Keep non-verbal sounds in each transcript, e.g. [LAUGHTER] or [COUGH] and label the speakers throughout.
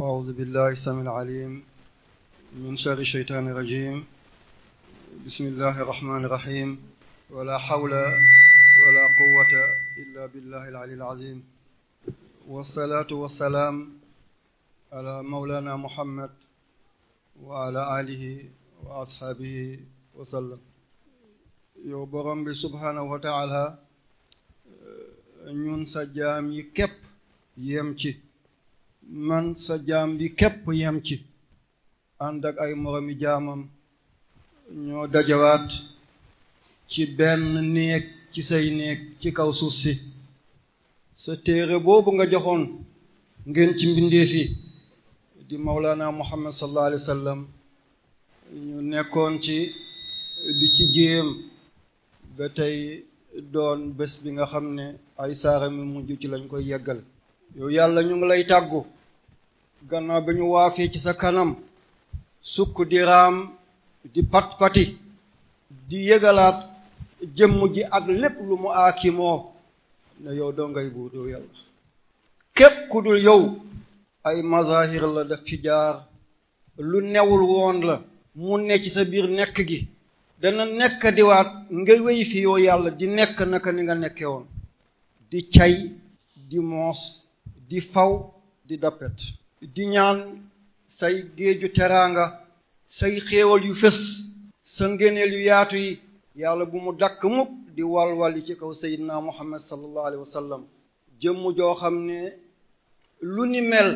Speaker 1: أعوذ بالله السميع العليم من شر الشيطان الرجيم بسم الله الرحمن الرحيم ولا حول ولا قوة إلا بالله العلي العظيم والصلاة والسلام على مولانا محمد وعلى آله وأصحابه وسلم yow borom bi subhaanahu wa taala ñun sa jaam yi képp yem ci man sa jaam bi képp yam ci ànd ak ay moromi jaamam ñoo dajawaat ci benn néeg ci say néeg ci kaw suuf si sa téere boobu nga joxoon ngeen ci mbindeef yi di Mawlana Muhammad sallallahu alayhi wa ñu nekkoon ci di ci jéem ba tey doon bés bi nga xam ne ay saara mi mujj ci lañ koy yeggal yow yàlla ñu ngi lay tàggu gannaaw bi ñu waafee ci sa kanam sukk di raam di pat di yëgalaat jëmm ji ak lépp lu mu aakimoo ne yow doo ngay buur yow yàlla képp ku yow ay mazahir la def ci jaar lu newul woon la mu ne ci sa biir nekk gi dana nekk diwaat nga wéy fi yow yàlla di nekk naka ni nga nekkee woon di cay di moos di faw di dappet di ñaan say géeju teraanga say xéewal yu fés sa ngéneel yu yaatu yi yàlla bu mu dakk mukk di walwali ci kaw sayidna muhammad sallallahu alayhi wa sallam jëmm joo xam ne lu ni mel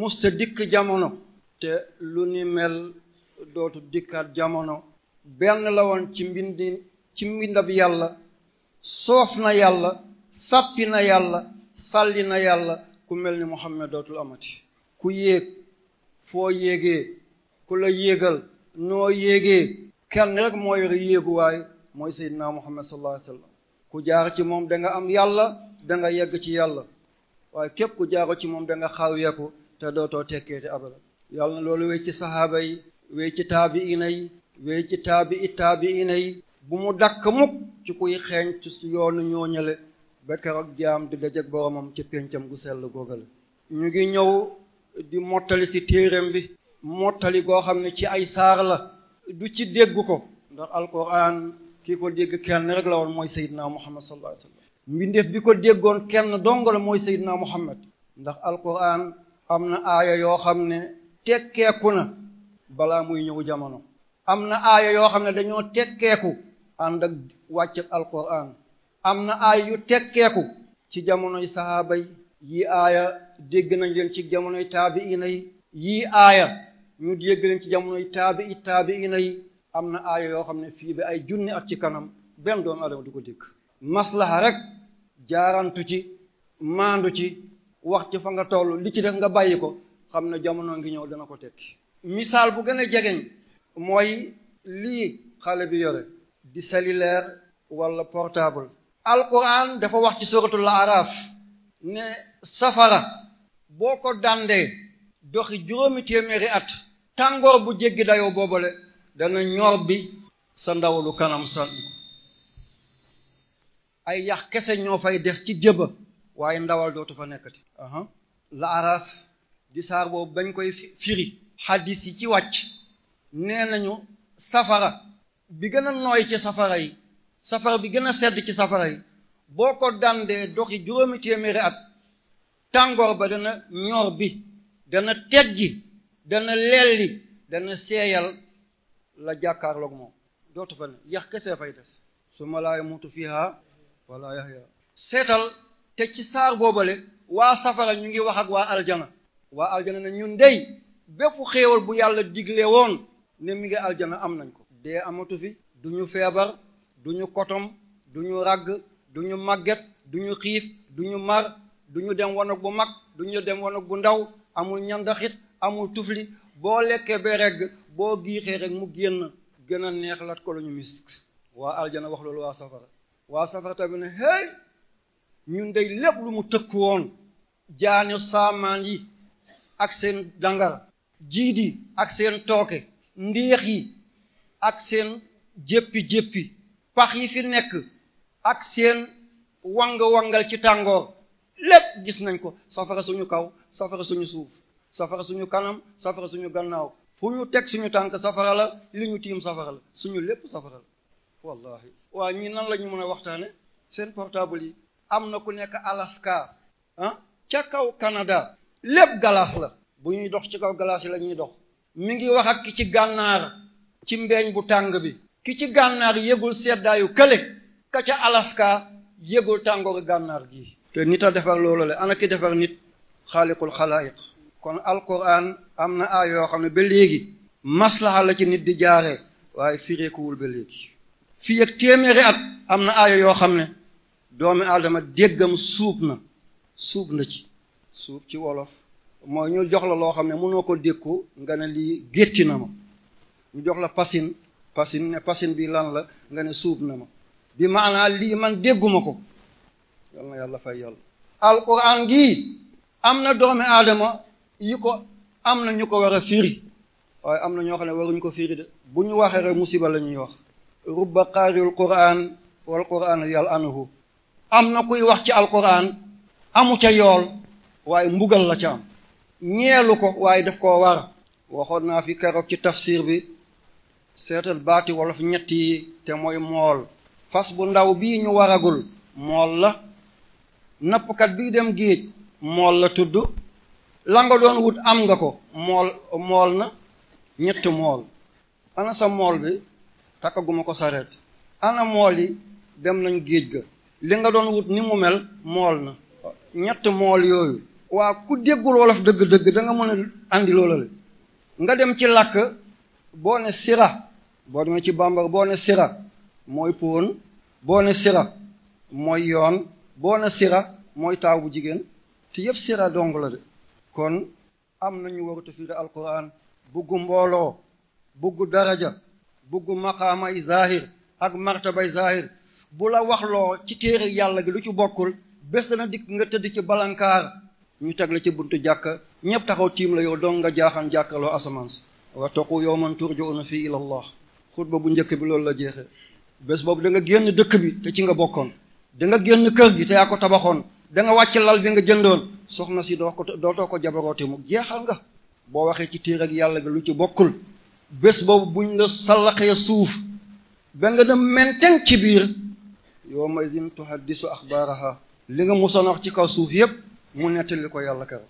Speaker 1: musta dikk jamono te lu ni mel dootu dikkaat jamono benn la woon ci mbindi ci mbindab yàlla soof na yàlla sàppi na yàlla sàlli na yàlla ku mel ni muhammad dootul amati ku yéeg foo yéegee ku la yéegal noo yéegee kenn rek mooy yore yéeguwaay mooy seydinaa muhammad sallallahu alayhi ku jaar ci moom danga am yàlla danga yegg ci yàlla waaye képp ku jaaru ci moom danga xaw xawweeku te dootoo tekkeete abada yàlla na loolu wéy ci sahaaba yi wéy ci taabiina yi wéy ci taabii taabiina yi bu mu dakk mukk ci kuy xeeñ ci yoonu ñooñale ba keroog jaam di dajeg boromam ci péncam gu sell googale ñu ngi ñëw di mottali ci téereem bi mottali goo xam ne ci ay saar la du ci dégg ko ndax alquran kii ko dégg kenn rek la woon mooy Seydina Muhammad sallallahu alayhi wa mbindeef bi ko déggoon kenn dong la mooy Seydina Muhammad ndax alquran am na aaya yoo xam ne tekkeeku na balaa muy ñëw jamono am na aaya yoo xam ne dañoo tekkeeku ànd ak wàcc alquran am na aaya yu tekkeeku ci jamonoy sahaaba yii aaya dégg nañ leen ci jamonoy taabiina yi yii aaya ñu dégg leen ci jamonoy taabii taabiina yi am na aaya yoo xam ne fii bi ay junni at ci kanam benn doon adama du ko dégg maslaha rek jaarantu ci maandu ci wax ci fa nga toll li ci def nga bàyyi ko xam ne jamono ngi ñëw dana ko tekki misaal bu gën a jegeñ mooy lii xale bi yore di cellulaire wala portable alquran dafa wax ci suratul araf ne safara boo ko dàndee doxi juróomi téeméeri at tàngoor bu jéggi dayoo boobale dana ñor bi sa ndaw kanam san ay yax kese ñoo fay def ci jëba waaye ndawal dootu fa nekkati la araf di saar boobu bañ koy firi xadis yi ci wàcc nee nañu safara bi gën a nooy ci safara yi safara bi gën a sedd ci safara yi boo ko dàndee doxi juróomi téeméeri at tàngoor ba dana ñor bi dana teggi dana lelli dana seeyal la jàkkaarloog moom dootu fa ne yax kese fay des su ma laa yamutu fiha wala yahya seetal te ci saar boobale waa safara ñu ngi wax ak waa aljana waa aljana ne ñun dey bépp xéewal bu yàlla digle woon ne mi ngi aljana am nañ ko dee amatu fi du ñu feebar du ñu kotom du ñu ragg du ñu màgget du ñu xiif du ñu mar du ñu dem wanag bu mag du ñu dem wanag bu ndaw amul ñandaxit amul tufli boo lekkee ba regg boo giixee rek mu génn gën a neex lat ko lu ñu misk waa aljana wax loolu waa safara waa safara tamit ne hey ñun day lépp lu mu tëkk woon jaani saamaan yi ak seen dangara jiidi ak seen tooke ndiix yi ak seen jéppi-jéppi pax yi fi nekk ak seen wang-wangal ci tàngoor lépp gis nañ ko safara suñu kaw safara suñu suuf safara suñu kanam safara suñu gannaaw fu ñu teg suñu tànk safara la li ñu tiim safara la suñu lépp safara la wallahi waa ñi nan lañu mën a waxtaane seen portable yi am na ku nekk Alaska ah ca kaw Canada lépp galaas la bu ñuy dox ci kaw galaas yi la ñuy dox mu ngi wax ak ki ci gànnaar ci mbeeñ bu tàng bi ki ci gànnaar yëgul seddaayu kële ka ca Alaska yëgul tàngooru gànnaar gi te nit a defar loolu la ana ki defar nit xaaliqul xalaayiq kon alquran am na aay yoo xam ne ba léegi maslaha la ci nit di jaaree waaye fireekuwul ba léegi fii ak téeméeri at am na aaya yoo xam ne doomi aadama déggam suub na suub na ci suub ci wolof mooy ñu jox la loo xam ne mënoo ko dékku nga ne lii gétti na ma ñu jox la pasin pasin ne pasin bi lan la nga ne suub na ma bi maanaa lii man dégguma ko yal na yàlla fay yàlla alquran gii am na doomi aadama yi ko am na ñu ko war a firi waaye am na ñoo xam ne waruñu ko firi de bu ñu waxee rek musiba la ñuy wax rubba qaariul quran wal quran yàlla anahu am na kuy wax ci alquran amu ca yool waaye mbugal la ci am ñeelu ko waaye daf ko war waxoon naa fi keroog ci tafsir bi seetal baati wolof ñett yi te mooy mool fas bu ndaw bii ñu waragul mool la nappkat bii dem géej mool la tudd la nga doon wut am nga ko mool mool na ñetti mool ana sa mool bi takkaguma ko sareet ana mool yi dem nañ géej ga li nga doon wut ni mu mel mool na ñett mool yooyu waa ku déggul wolof dëgg-dëgg danga mën a andi loola nga dem ci làkk boo ne sira boo demee ci bambara boo ne sira mooy póon boo ne sira mooy yoon boo ne sira mooy taaw bu jigéen te yëpp sira dong la de kon am nañu waruta fiire alquran buggu mbooloo buggu daraja buggu maqaamay zahir ak martabay zahir bu la waxloo ci téere yàlla gi lu ci bokkul bés na dikk nga tëdd ci balankaar ñu teg la ci buntu jàkka ñëpp taxaw tiim la yow dong nga jaaxan jàkkaloo asamaan si wa taqu yawman turja'una fi ila allah xutba bu njëkk bi loolu la jeexee bés boobu da génn dëkk bi te ci nga bokkoon da génn kër gi te yaa ko tabaxoon danga nga wàcc lal bi nga jëndoon soxna si doo ko dootoo ko jabaroote mu jeexal nga boo waxee ci téer ak yàlla ga lu ci bokkul bés boobu buñ la sallaxee suuf ba nga dem menten ci biir yow ma izin tuhaddisu axbaaraha li nga musoon wax ci kaw suuf yépp mu nettali ko yàlla kara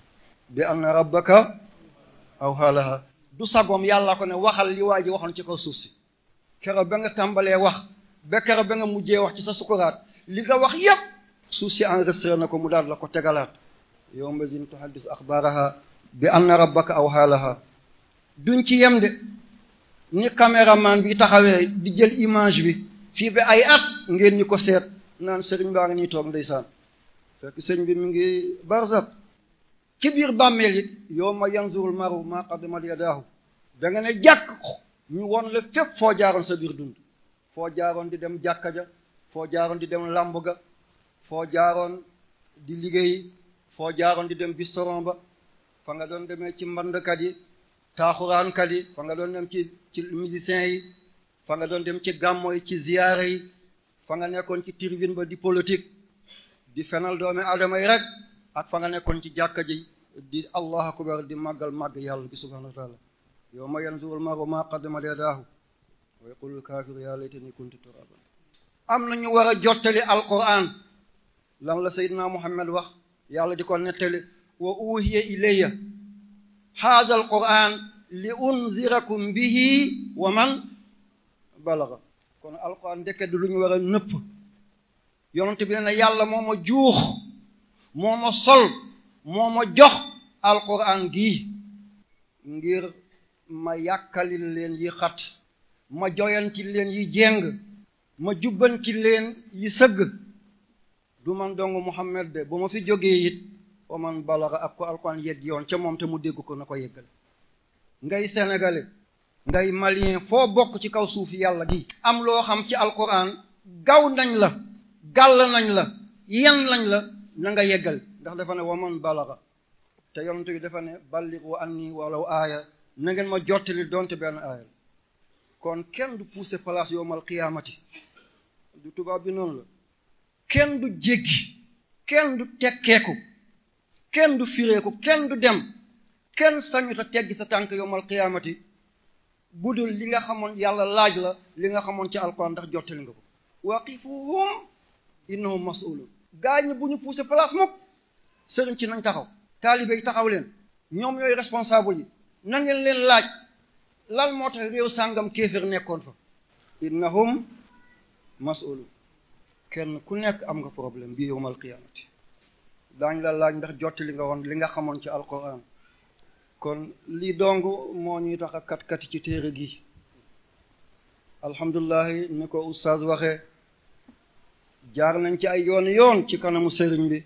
Speaker 1: bi anna rabbaka awhaa laha du sagoom yàlla ko ne waxal li waa ji waxoon ci kaw suuf si kero ba nga tàmbalee wax bekkara ba mu mujjee wax ci sa sukuraat li nga wax yëpp suuf si enregistré na ko mu daal la ko tegalaat yawma zin tuhaddisu axbaaraha bi anna rabbaka aw lahaa duñ ci yem de ni caméraman bi taxawee di jël image bi fii ba ay at ngeen ñu ko seet naan sëriñ baa ngi nii toog ndeysaan fekk sëñ bi mi ngi barzak ci biir bàmmeel it yow ma yanzurul maru maa qaddamat yadaahu da nga ne jàkk ñu woon la fépp foo jaaroon sa biir dund foo jaaroon di dem jàkka ja foo jaaroon di dem làmb ga foo jaaroon di liggéey foo jaaroon di dem bistoron ba fa nga doon demee ci mbandkat yi taaxuraankat yi fa nga doon dem ci ci musiciens yi fa nga doon dem ci gàmmo yi ci ziyaara yi fa nga nekkoon ci tribune ba di politique di fenal doomi adama yi rek ak fa nga nekkoon ci jàkka ji di allahu akbar di màggal màgg yàlla gi subhanahu wa taala yow ma yanzurul maru ma qaddama yadaahu wa yaqulul kaafiru yaa laytanii kuntu turaaban am na ñu war a jottali alquran lan la Seydina Muhammad wax yàlla di ko nettali wa uuhiya ilayya haadha alquran li unzirakum bihi wa man balaga kon alquran ndekket du lu ñu war a nëpp yonent bi ne yàlla moo ma juux moo ma sol moo ma jox alquran gii ngir ma yàkkalil leen yi xat ma joyanti leen yi jéng ma jubbanti leen yi sëgg du man dong Muhammad de bu ma fi jógee it wa man balaga ak ko alquran yegg yoon ca moom te mu dégg ko na ko yeggal ngay sénégalais ngay malien foo bokk ci kaw suufi yàlla gi am loo xam ci alquran gaw nañ la gàll nañ la yan lañ la na nga yeggal ndax dafa ne wa man balaga te yonent bi dafa ne balligu anni walaw aaya na ngeen ma jottali doonte benn aaya kon kenn du pousser place yowmal qiyaamati du tubaab bi noonu la kenn du jéggi kenn du tekkeeku kenn du ko kenn du dem kenn sañuta tegg sa tànk yowmal qiyaamati budul li nga xamoon yàlla laaj la li nga xamoon ci alquran ndax jottali nga ko waqifuhum innahum mas'ulun gaañ bu ñu poussé place mukk sëriñ ci nañ taxaw taalibe yi taxaw leen ñoom yooyu responsable yi na ngeen leen laaj lan moo tax réew sàngam kéefér nekkoon fa innahum mas'ulu kenn ku nekk am nga problème bi yowmal qiyaamati daañ la laaj ndax jotti li nga woon li nga xamoon ci alquran kon lii dong moo ñuy tax a kat-kati ci téere gi alhamdulillahi ni ko oustaz waxe jaar nañ ci ay yoon yoon ci kanamu sëriñ bi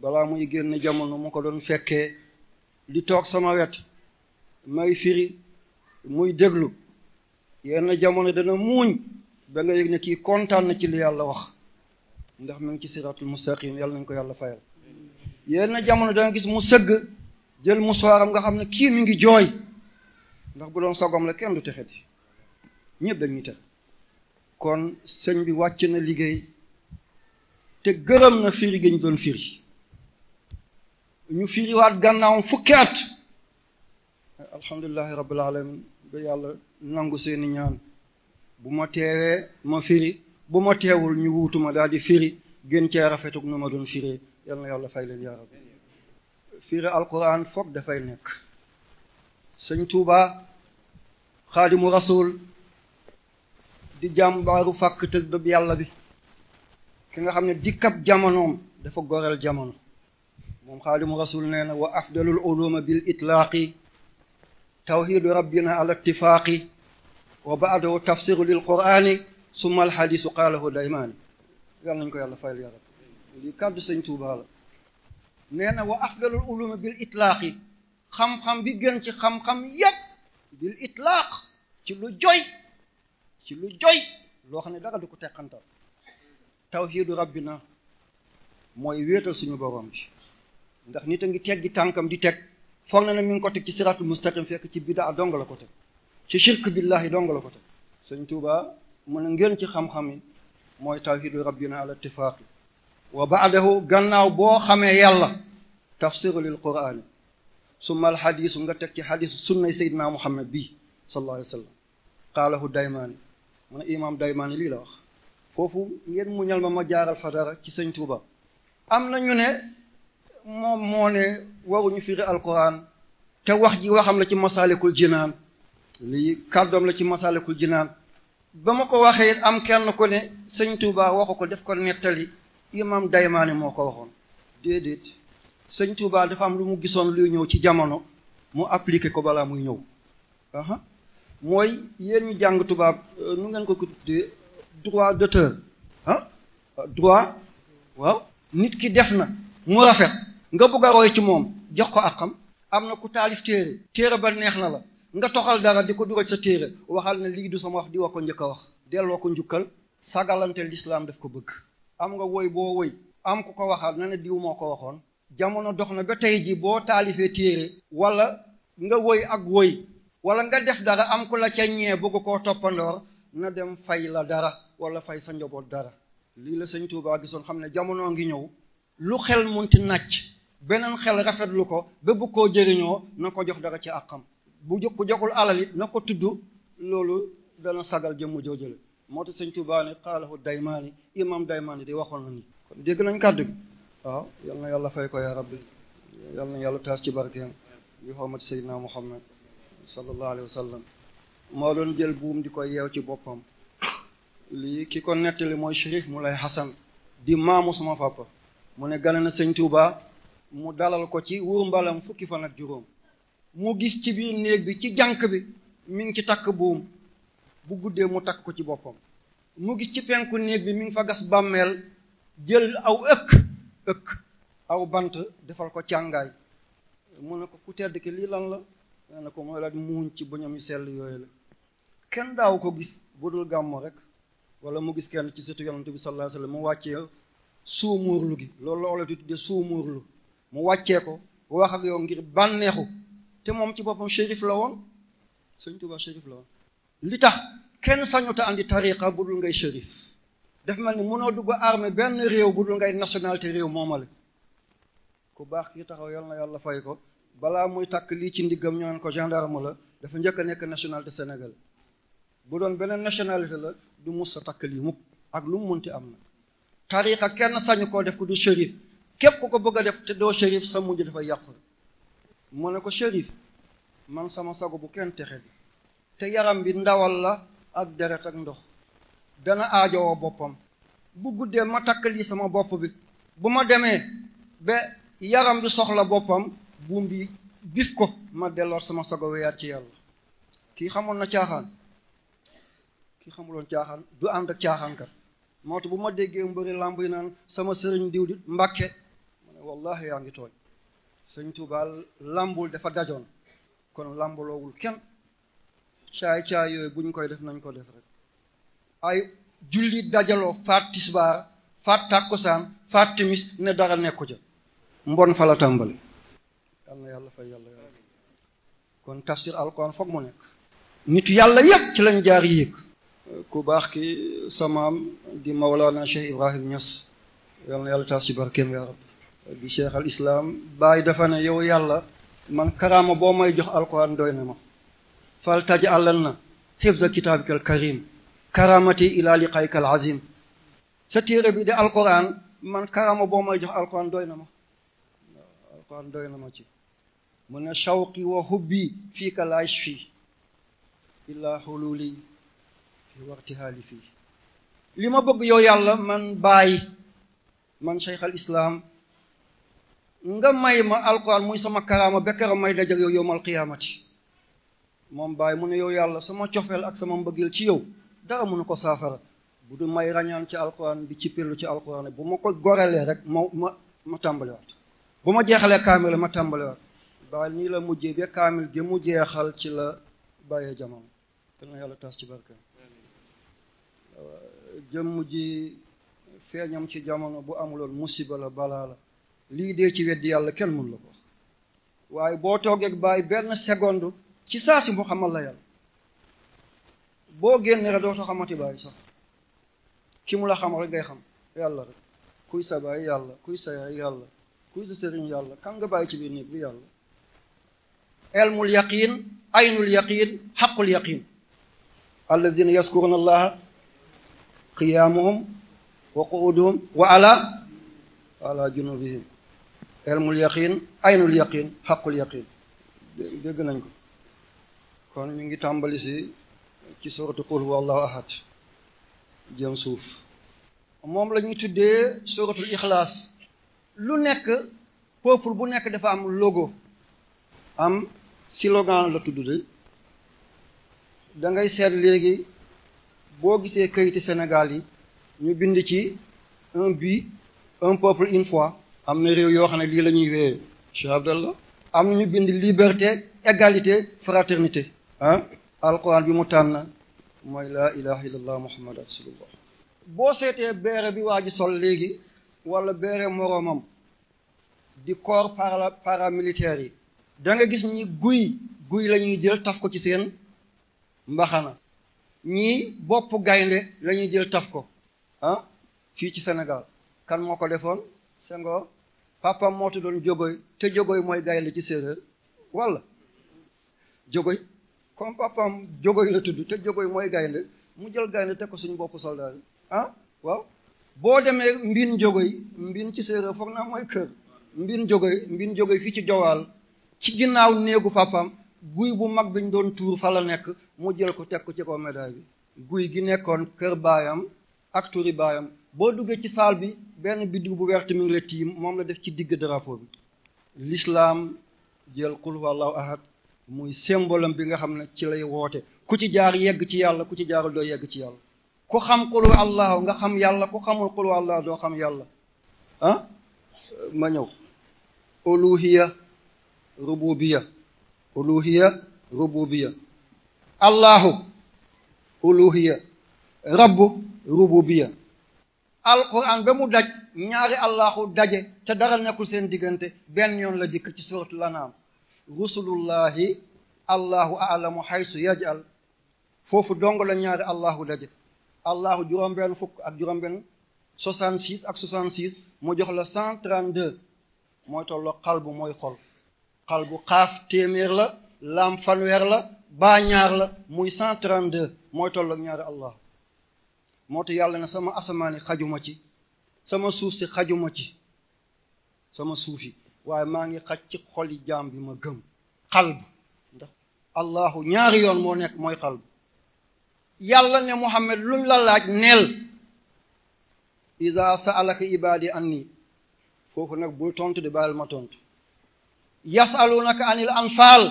Speaker 1: balaa muy génn jamono mu ko doon fekkee di toog sama wet may firi muy déglu yenn jamono dana muuñ ba nga yég ne kii kontaan na ci li yàlla wax ndax mu ngi ci siraatul mustaqim yàlla nañ ko yàlla fayal yenn jamono danga gis mu sëgg jël muswaaram nga xam ne kii mu ngi jooy ndax bu doon sogom la kenn du texe di ñëpp dañuy texe kon sëñ bi wàcc na liggéey te gërëm na firi gi ñu doon firi ñu firiwaat gannaawam fukki at alhamdulillahi rabbil alamin ba yàlla nangu seeni ñaan bu ma teewee ma firi bu ma teewul ñu wuutuma daal di firi gën cee rafetuk nu ma doon firee yàlla fay leen yaa rabbi firi alquran foog dafay nekk sëñ Tuuba xaadimu rasul di jàmbaaru fàkk tëddëb yàlla bi ki nga xam ne dikkab jamonoom dafa goreel jamono moom xaadimu rasul nee na wa afdalul uluma bil itlaaqi tawxidu rabbina ala ittifaaqi wa baadahu tafsiru lil qurani summa alxadisu qaalahu daymaani yal nañu ko yàlla fayal yarab lii kàddu sëñ Tuubaa la nee na wa afdalul ulumi bil itlaaqi xam-xam bi gën ci xam-xam bil itlaaq ci lu joy ci lu joy loo xam ne dara du ko teqantal tawxidu rabbina mooy wéetal suñu borom bi ndax nit a ngi teggi tànkam di teg foog na ne mi ngi ko teg ci siratul mustaqim fekk ci bidaa dong la ko teg ci shirk billahi dong la ko teg sëñ Tuuba mu ne ngeen ci xam-xam yi mooy tawhidu rabbina ala ittifaaqi wa baadahu gannaaw boo xamee yàlla tafsiru lil qur'ani summa al hadisu nga teg ci hadisu sunnay sayyidina muhammad bi sallallahu alayhi wa sallam qaalahu daymaani mu ne imam daymaani lii la wax foofu ngeen muñal ma ma jaaral fa fatara ci sëñ Tuuba am na ñu ne moom moo ne waruñu fiir alquran te wax ji waxam la ci masalikul jinaan lii kàddoom la ci masalikul jinaan ba ma ko waxee am kenn ko ne sëñ Touba waxu ko def ko nettali imam daymaane moo ko waxoon déedéet sëñ Touba dafa am lu mu gisoon luy ñëw ci jamono mu appliqué ko balaa muy ñëw mooy yéen ñu jàng tubaab euh, nu ngeen ko tuddee droit d'auteur ah droit waaw nit ki def na mu rafet nga bugg a roy ci moom jox ko àqam am na ku taalif téere téere ba neex na la nga toxal dara di ko dugal sa téere waxal ne lii du sama wax di wax ko njëkk wax delloo ko njukkal sagalante lislaam def ko bëgg am nga woy boo woy am ku ko waxal na ne diw moo ko waxoon jamono dox na ba tey ji boo taalifee téere walla nga woy ak woy wala nga def dara am ku la ca ñee ko koo toppandoor na dem fay la dara wala fay sa njaboot dara lii la sëñ Tuubaa gisoon xam ne jamono ngi ñëw lu xel beneen xel lu ko ba bu koo jëriñoo na ko jox dara ci àqam bu jox ku joxul alal it na ko tudd loolu dana sagal jëmm joojale moo tax sëñ Tuubaa ne xaalahu daymaani imam daymaani di waxoon na ni kon dégg nañ kàdd gi waaw yal na yàlla fay ko ya rabbi yal na yàlla taas ci barkeem bi xormati sayyidina Muhammad sallallahu alayhi wa sallam moo doon jël buum di ko yeew ci boppam lii ki ko nettali mooy Chérif lay Hassan di maamu sama papa mu ne gane na Tuubaa mu dalal ko ci wur mbalam fukki fan ak juróom mu gis ci biir néeg bi ci jànq bi mi ngi ci takk buum bu guddee mu takk ko ci boppam mu gis ci penku néeg bi mi ngi fa gas bàmmeel jël aw ëkk ëkk aw bant defal ko càngaay mu ne ko ku tedd ki lii lan la nee ne ko mooy la muuñ ci buñam yu sell yooyu la kenn daaw ko gis bu dul gàmmo rek wala mu gis kenn ci sëtu yonante bi sallallahu alayhi wasallam mu wàccee suumuurlu gi loolu la olof di tuddee mu wàccee ko wax ak yow ngir bànneexu te moom ci boppam shérif la woon sëñ Tuba shérif la woon li tax kenn sañuta andi tariqa dul ngay shérif daf mel ni mënoo dugg armée benn réew budul ngay nationalité réew moomale ku baax ki taxaw yal yàlla fay ko balaa muy takk lii ci ndiggam ñu naan ko gendarme la dafa njëkk a nekk nationalité Sénégal bu doon beneen nationalité la du mus sa takk lii mukk ak lu mu munti am na tariqa kenn sañ koo def ko du képp ku ko bëgg a def te doo shérif sa mujj dafa yàqu mu ne ko shérif man sama sago bu kenn texe bi te yaram bi ndawal la ak deret ak ndox dana aajowoo boppam bu guddee ma takk lii sama bopp bi bu ma demee ba yaram bi soxla boppam buum bi bif ko ma delloor sama sago weyaat ci yàlla kii xamoon na caaxaan kii xamuloon caaxaan du ànd ak caaxaan kat moo tax bu ma déggee mbëri làmb yi naan sama sëriñ diw di mbàkke wallahi yaa ngi tooñ sëñ Tuuba lambul dafa dajoon kon lambaloowul kenn caay-caay yooyu buñ koy def nañ ko def rek ay julli dajaloo faat tisbaar faat tàkkusaan faat timis ne dara nekku ca mbon fa la tàmbali yal na yàlla fay yàlla yàlla kon tafsir alquran foog mu nekk nit yàlla yëpp ci lañ jaar yéeg ku baax ki samaam di mawlaana Cheikh Ibrahim ñas yal na yàlla taas ci barkeem yaa rabbi di cheikh al islam bàyyi dafa yow yàlla man karaama boo may jox alquran doy na ma fal taj àllan na hifza al karim karamati ila liqayka al azim sa téere bi de alquran man karaama boo may jox alquran doy na ma alquran doy na ma ci mu ne shawqi wa hubbi fiika la yashfi fi fii li ma bëgg yow yàlla man bàyyi man cheikh al nga may ma alquran muy sama karaama bekkeram may dajak yow yowmal qiyaamati moom bàyyi mu ne yow yàlla sama cofeel ak sama mbëggeel ci yow dara mënu ko saafara bu du may rañaan ci alquran bi ci pirlu ci alquran bu ma ko gorelee rek moo ma ma tàmbaliwaat bu ma jeexalee kaamil ma tàmbaliwaat bàyyi nii la mujjee ba kaamil gi jeexal ci la bàyyee jamono kenn yàlla taas ci barke jëmm feeñam ci jamono bu amuloon musiba la balaa la lii dee ci weddi yàlla kenn mu la ko waaye boo toogeeg bàyyi benn seconde ci saa si mu xamal la yàlla boo génne rek dootoo xamati bàyyi sax ki mu la xam rek ngay xam yàlla rek kuy sa bàyyi yàlla kuy sa yaay yàlla kuy sa yàlla kan nga bàyyi ci biir néeg bi yàlla elmul yaqin aynul yaqin xaqul yaqin alladina yaskuruna allaha qiyaamuhum wa quuduhum wa ala ala junubihim ilmul yaqin aynul yaqin xaqul yaqin dégg nañ ko kon ñu ngi tàmbali si ci suratu qul huwallahu ahad jëm suuf moom la tuddee suratul ixlaas lu nekk peuple bu nekk dafa am logo am slogan la tudd de da seet léegi boo gisee kayiti Sénégal yi ñu bind ci un but un peuple une fois am na réew yoo xam ne lii lañuy ñuy wéyee Cheikh am na ñu bind liberté égalité fraternité ah alquran bi mu tànn mooy la ilaha illallah muhammad rasulullah boo seetee beere bi waa ji sol léegi wala beere moroomam di corps para paramilitaires yi danga gis ñi guy guy la ñuy jël taf ko ci seen mbaxana ñii bopp gaynde la jël taf ko ah fii ci Sénégal kan moo ko defoon Senghor papam moo doon jogoy te jogoy mooy gaynde ci séeréer walla jogoy comme papam jogoy la tudd te jogoy mooy gaynde mu jël gaynde teg ko suñu boppu soldat yi ah boo demee mbin jogoy mbin ci séeréer foog naa mooy kër mbin jogoy mbin jogoy fii ci jowaal ci ginnaaw néegu papam guy bu mag biñ doon tuur fala nekk mu jël ko teg ko ci kaw médaille bi guy gi nekkoon kër baayam ak tuuri baayam boo duggee ci saal bi benn biddiw bu weex mi ngi la tiim moom la def ci digg drapeau bi l'islam jël qul huwallahu ahad muy symbole bi nga xam ne ci lay woote ku ci jaar yegg ci yàlla ku ci jaarul doo yegg ci yàlla ku xam qul huwallahu nga xam yàlla ku xamul qul huwallahu doo xam yàlla ah ma ñëw uluhiya rububiya uluhiya rububiya allahu uluhiya rabbu rububiya alquran ba mu daj ñaari allahu daje te dara nekkul seen diggante benn yoon la dikk ci suratul anam rusulullahi allahu alamu haysu yajal foofu dong la ñaari allahu daje allahu juróom-benn fukk ak juróom-benn 66 ak 66 mu jox la 132 mooy tolloo xalbu mooy xol xalbu xaaf téeméer la laam la baa ñaar la muy 132 mooy tolloo ñaari allahu moo tax yàlla na sama asamaani xajuma ci sama suuf si xajuma ci sama suuf yi waaye maa ngi xaj ci xoli jaam bi ma gëm xalb ndax allahu ñaari yoon moo nekk mooy xalb yàlla ne Muhammad luñ la laaj neel iza sa'alaka ibadi anni foofu nag bul tontu di bàyyil ma tontu yasalunaka anil anfaal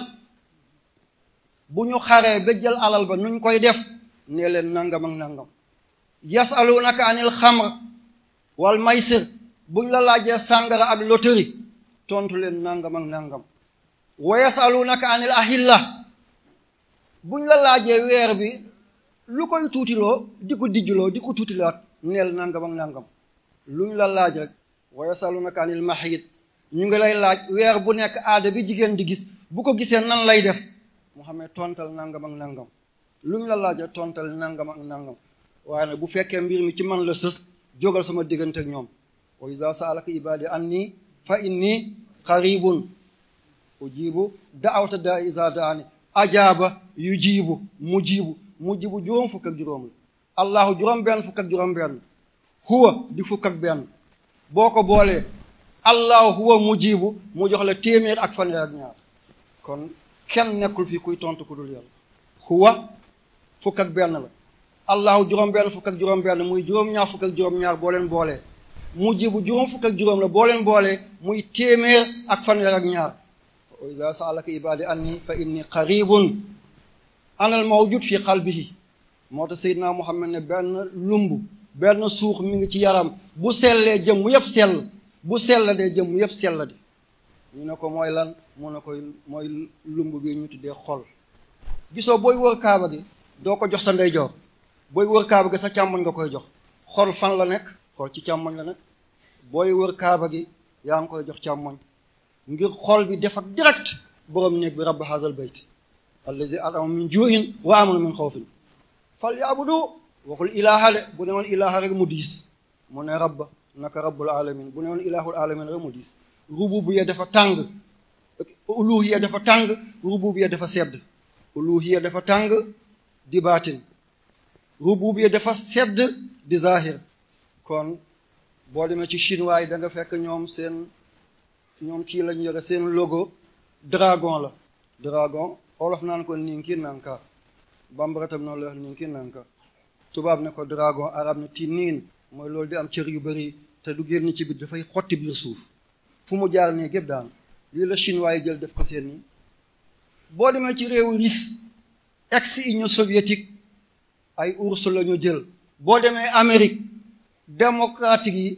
Speaker 1: bu ñu xaree ba jël alal ba nuñ koy def nee leen nangam ak nangam yasalunaka anil xamr wal maysir buñ la laajee sàngara ak loterie tontu leen nangam ak nangam wa yasalunaka anil ahilla buñ la laajee weer bi lu koy tuutiloo di ko dijjuloo di ko tuutilaat neel nangam ak nangam luñ la laaj rek wa yasalunaka anil mahid ñu ngi lay laaj weer bu nekk aada bi jigéen di gis bu ko gisee nan lay def mu xamee tontal nangam ak nangam lu la laajee tontal nangam ak nangam waaye nag bu fekkee mbir mi ci man la sës jógal sama diggante ak ñoom wa iza sa'alaka ibadi anni fa inni qaribun ujibu da'awta da iza da'ani ajaaba yujibu mujibu mujibu fukk ak juróom la allahu juróom benn fukk ak juróom benn huwa di fukk ak benn boo ko boolee allahu huwa mujibu mu jox la téeméer ak fanweer ak ñaar kon kenn nekkul fi kuy tontu ku dul yàlla huwa fukk ak benn la allahu juróom-benn fukk ak juróom-benn muy juróom-ñaar fukk ak juróom-ñaar boo leen boole mujjibu juróom fukk ak juróom la boo leen boole muy téeméer ak fanweer ak ñaar wa iza saalaka ibadi anni fa inni qaribun anal mawjud fi qalbihi moo tax Seydina Muhammad ne benn lumb benn suux mu ngi ci yaram bu sellee jëm mu yëpp sell bu sell de jëm mu yëpp sell de ñu ne ko mooy lan mu ne koy mooy lumb bi ñu tuddee xol gisoo booy wër kaaba gi doo ko jox sa ndeyjoor booy wër kaaba gi sax càmmoñ nga koy jox xol fan la nekk xol ci càmmoñ la nekk booy wër kaaba gi yaa ngi koy jox càmmoñ ngir xol bi def ak direct borom néeg bi rabb hazal bayt allazi at'ama min ju'in wa amana min xawfin fal ya'budu waxul ilaha de bu ne woon ilaha rek mu diis mu ne rabba naka rabbul alamin bu ne woon ilahul alamin rek mu diis rububiyya dafa tàng uluhiyya dafa tàng rububiyya dafa sedd uluhiyya dafa tàng di baatin rububiya dafa sedd di zahir kon boo demee ci chinois yi da fekk ñoom seen ñoom kii lañ yore seen logo dragon la dragon olof naan ko ninki nanka bambara tam noonu la ninki nanka tubaab ne ko dragon arab ne ti niin mooy loolu di am cër yu bari te du génn ci biir dafay xotti biir suuf fu mu jaar nii gépp daan lii la chinois jël def ko seen nii boo demee ci réew Russie ex union soviétique ay ours la ñu jël boo demee Amérique démocratique yi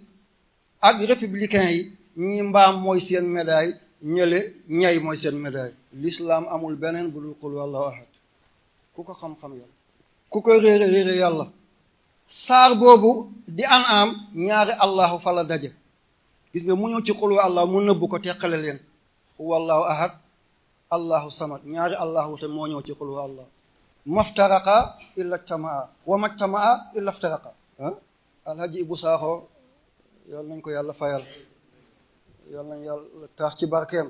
Speaker 1: ak républicain yi ñi mbaam mooy seen médaille ñële ñay mooy seen médaille l'islam amul beneen bu dul qul wallahu ahad ku ko xam-xam yàlla
Speaker 2: ku ko réere réere yàlla
Speaker 1: saar boobu di an am ñaari allahu fala daje gis nga mu ñëw ci qul allah mu nëbb ko teqale leen wallahu ahad allahu samad ñaari allahu te moo ñëw ci qul allah maftaraqa illa jtamaa wa ma illa ftaraqa ah alhaji ibu saaxo yal ko yàlla fayal yal nañ yàlla tax ci barkeem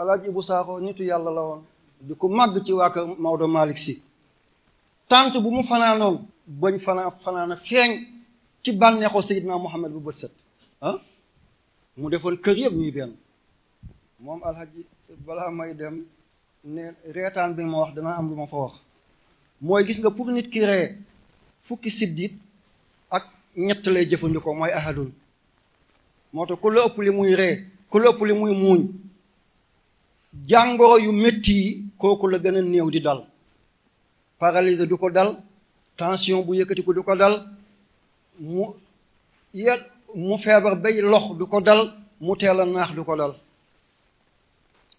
Speaker 1: alhaji ibu saaxo nitu yàlla la woon di ko màgg ci waa kër Maodo Malick Sy tant bu mu fanaanoon bañ fanaan fanaana feeñ ci bànneexoo Seydina Muhammad bu bët set mu defoon kër yëpp ñuy benn moom alhaji balaa may dem ne reetaan bi ma wax dana am lu ma fa wax mooy gis nga pour nit ki ree fukki siddiit ak ñett lay jëfandikoo mooy ahadun moo tax ku la ëpp li muy ree ku la ëpp li muy muuñ jàngoro yu metti yi kooku la gën a néew di dal paralysie du ko dal tension bu yëkkatiku du ko dal mu yet mu feebar bay lox du ko dal mu teel a naax du ko dal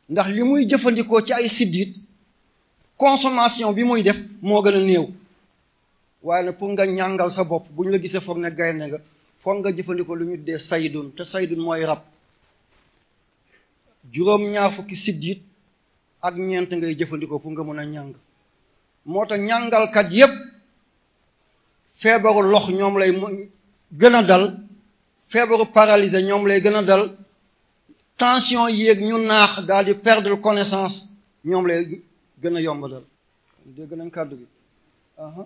Speaker 1: ndax li muy jëfandikoo ci ay siddit consommation bi muy def moo gën a néew waaye pour nga ñàngal sa bopp bu ñu la gisee foog ne gaynde nga foog nga jëfandikoo lu ñu dee saydun te saydun mooy rab juróom-ñaar fukki siddit ak ñeent ngay jëfandikoo pour nga mën a ñàng moo tax ñàngalkat yépp feebaru lox ñoom lay gën a dal feebaru paralysé ñoom lay gën a dal tension yéeg ñu naax dal di perdre connaissance ñoom lay gën a yombalal dégg nañ kàddu gi aha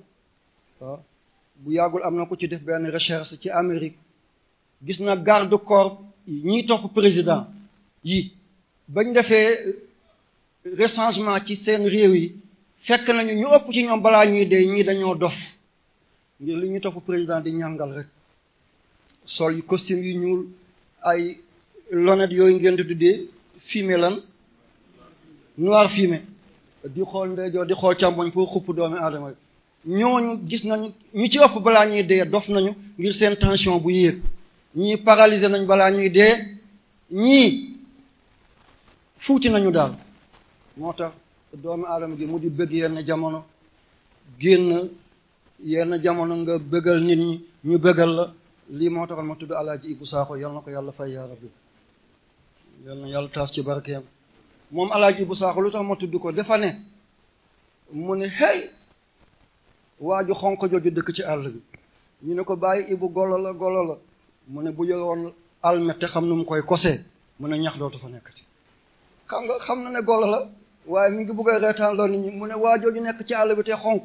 Speaker 1: waaw bu yàggul am na ko ci def benn recherche ci Amérique gis na garde corps ñiy topp président yi bañ defee recensement ci seen réew yi fekk nañu ñu ëpp ci ñoom balaa ñuy dee ñii dañoo dof ngir li ñu topp président di ñàngal rek sol yu costume yi ñuul ay lonet yooyu ngeen di tuddee fumé lan noir fumé di xool ndeyjoor di xool càmmoñ pour xupp doomi aadama yi ñooñu gis nañu ñu ci ëpp balaa ñuy dee dof nañu ngir seen tension bu yéeg ñii paralysé nañ balaa ñuy dee ñii fuuti nañu daal moo tax doomi aadama gi mu di bëgg yenn jamono génn yenn jamono nga bëggal nit ñi ñu bëggal la lii moo tax ma tudd ji Ibu Saaxo yal na ko yàlla fay yaa rabbi yal na yàlla taas ci barkeem moom alaaji bu saaxu lu tax ma tudd ko dafa ne mu ne hey waa ju xonq jooju dëkk ci àll bi ñu ne ko bàyyi ibu golo la golo la mu ne bu yoroon almet te xam nu mu koy kosee mu ne ñax dootu fa nekkati xam nga xam na ne golo la waaye mi ngi bëgg a reetaan loo nit mu ne waa jooju nekk ci àll bi te xonq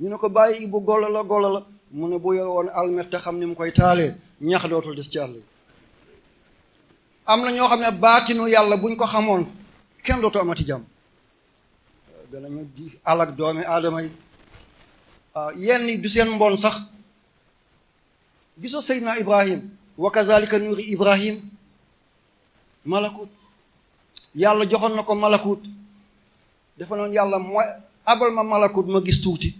Speaker 1: ñu ne ko bàyyi ibu golo la golo la mu ne bu yoroon almet te xam ni mu koy taalee ñax dootul des ci àll bi am na ñoo xam ne baatinu yàlla buñ ko xamoon kenn dooto amati jàmm danañu di aadama yi ah, yenn du seen mboon sax gisoo Seydina Ibrahim wa kazalika nuuri Ibrahim malakut yàlla joxoon na ko malakut dafa yàlla mooy abal ma malakut ma gis tuuti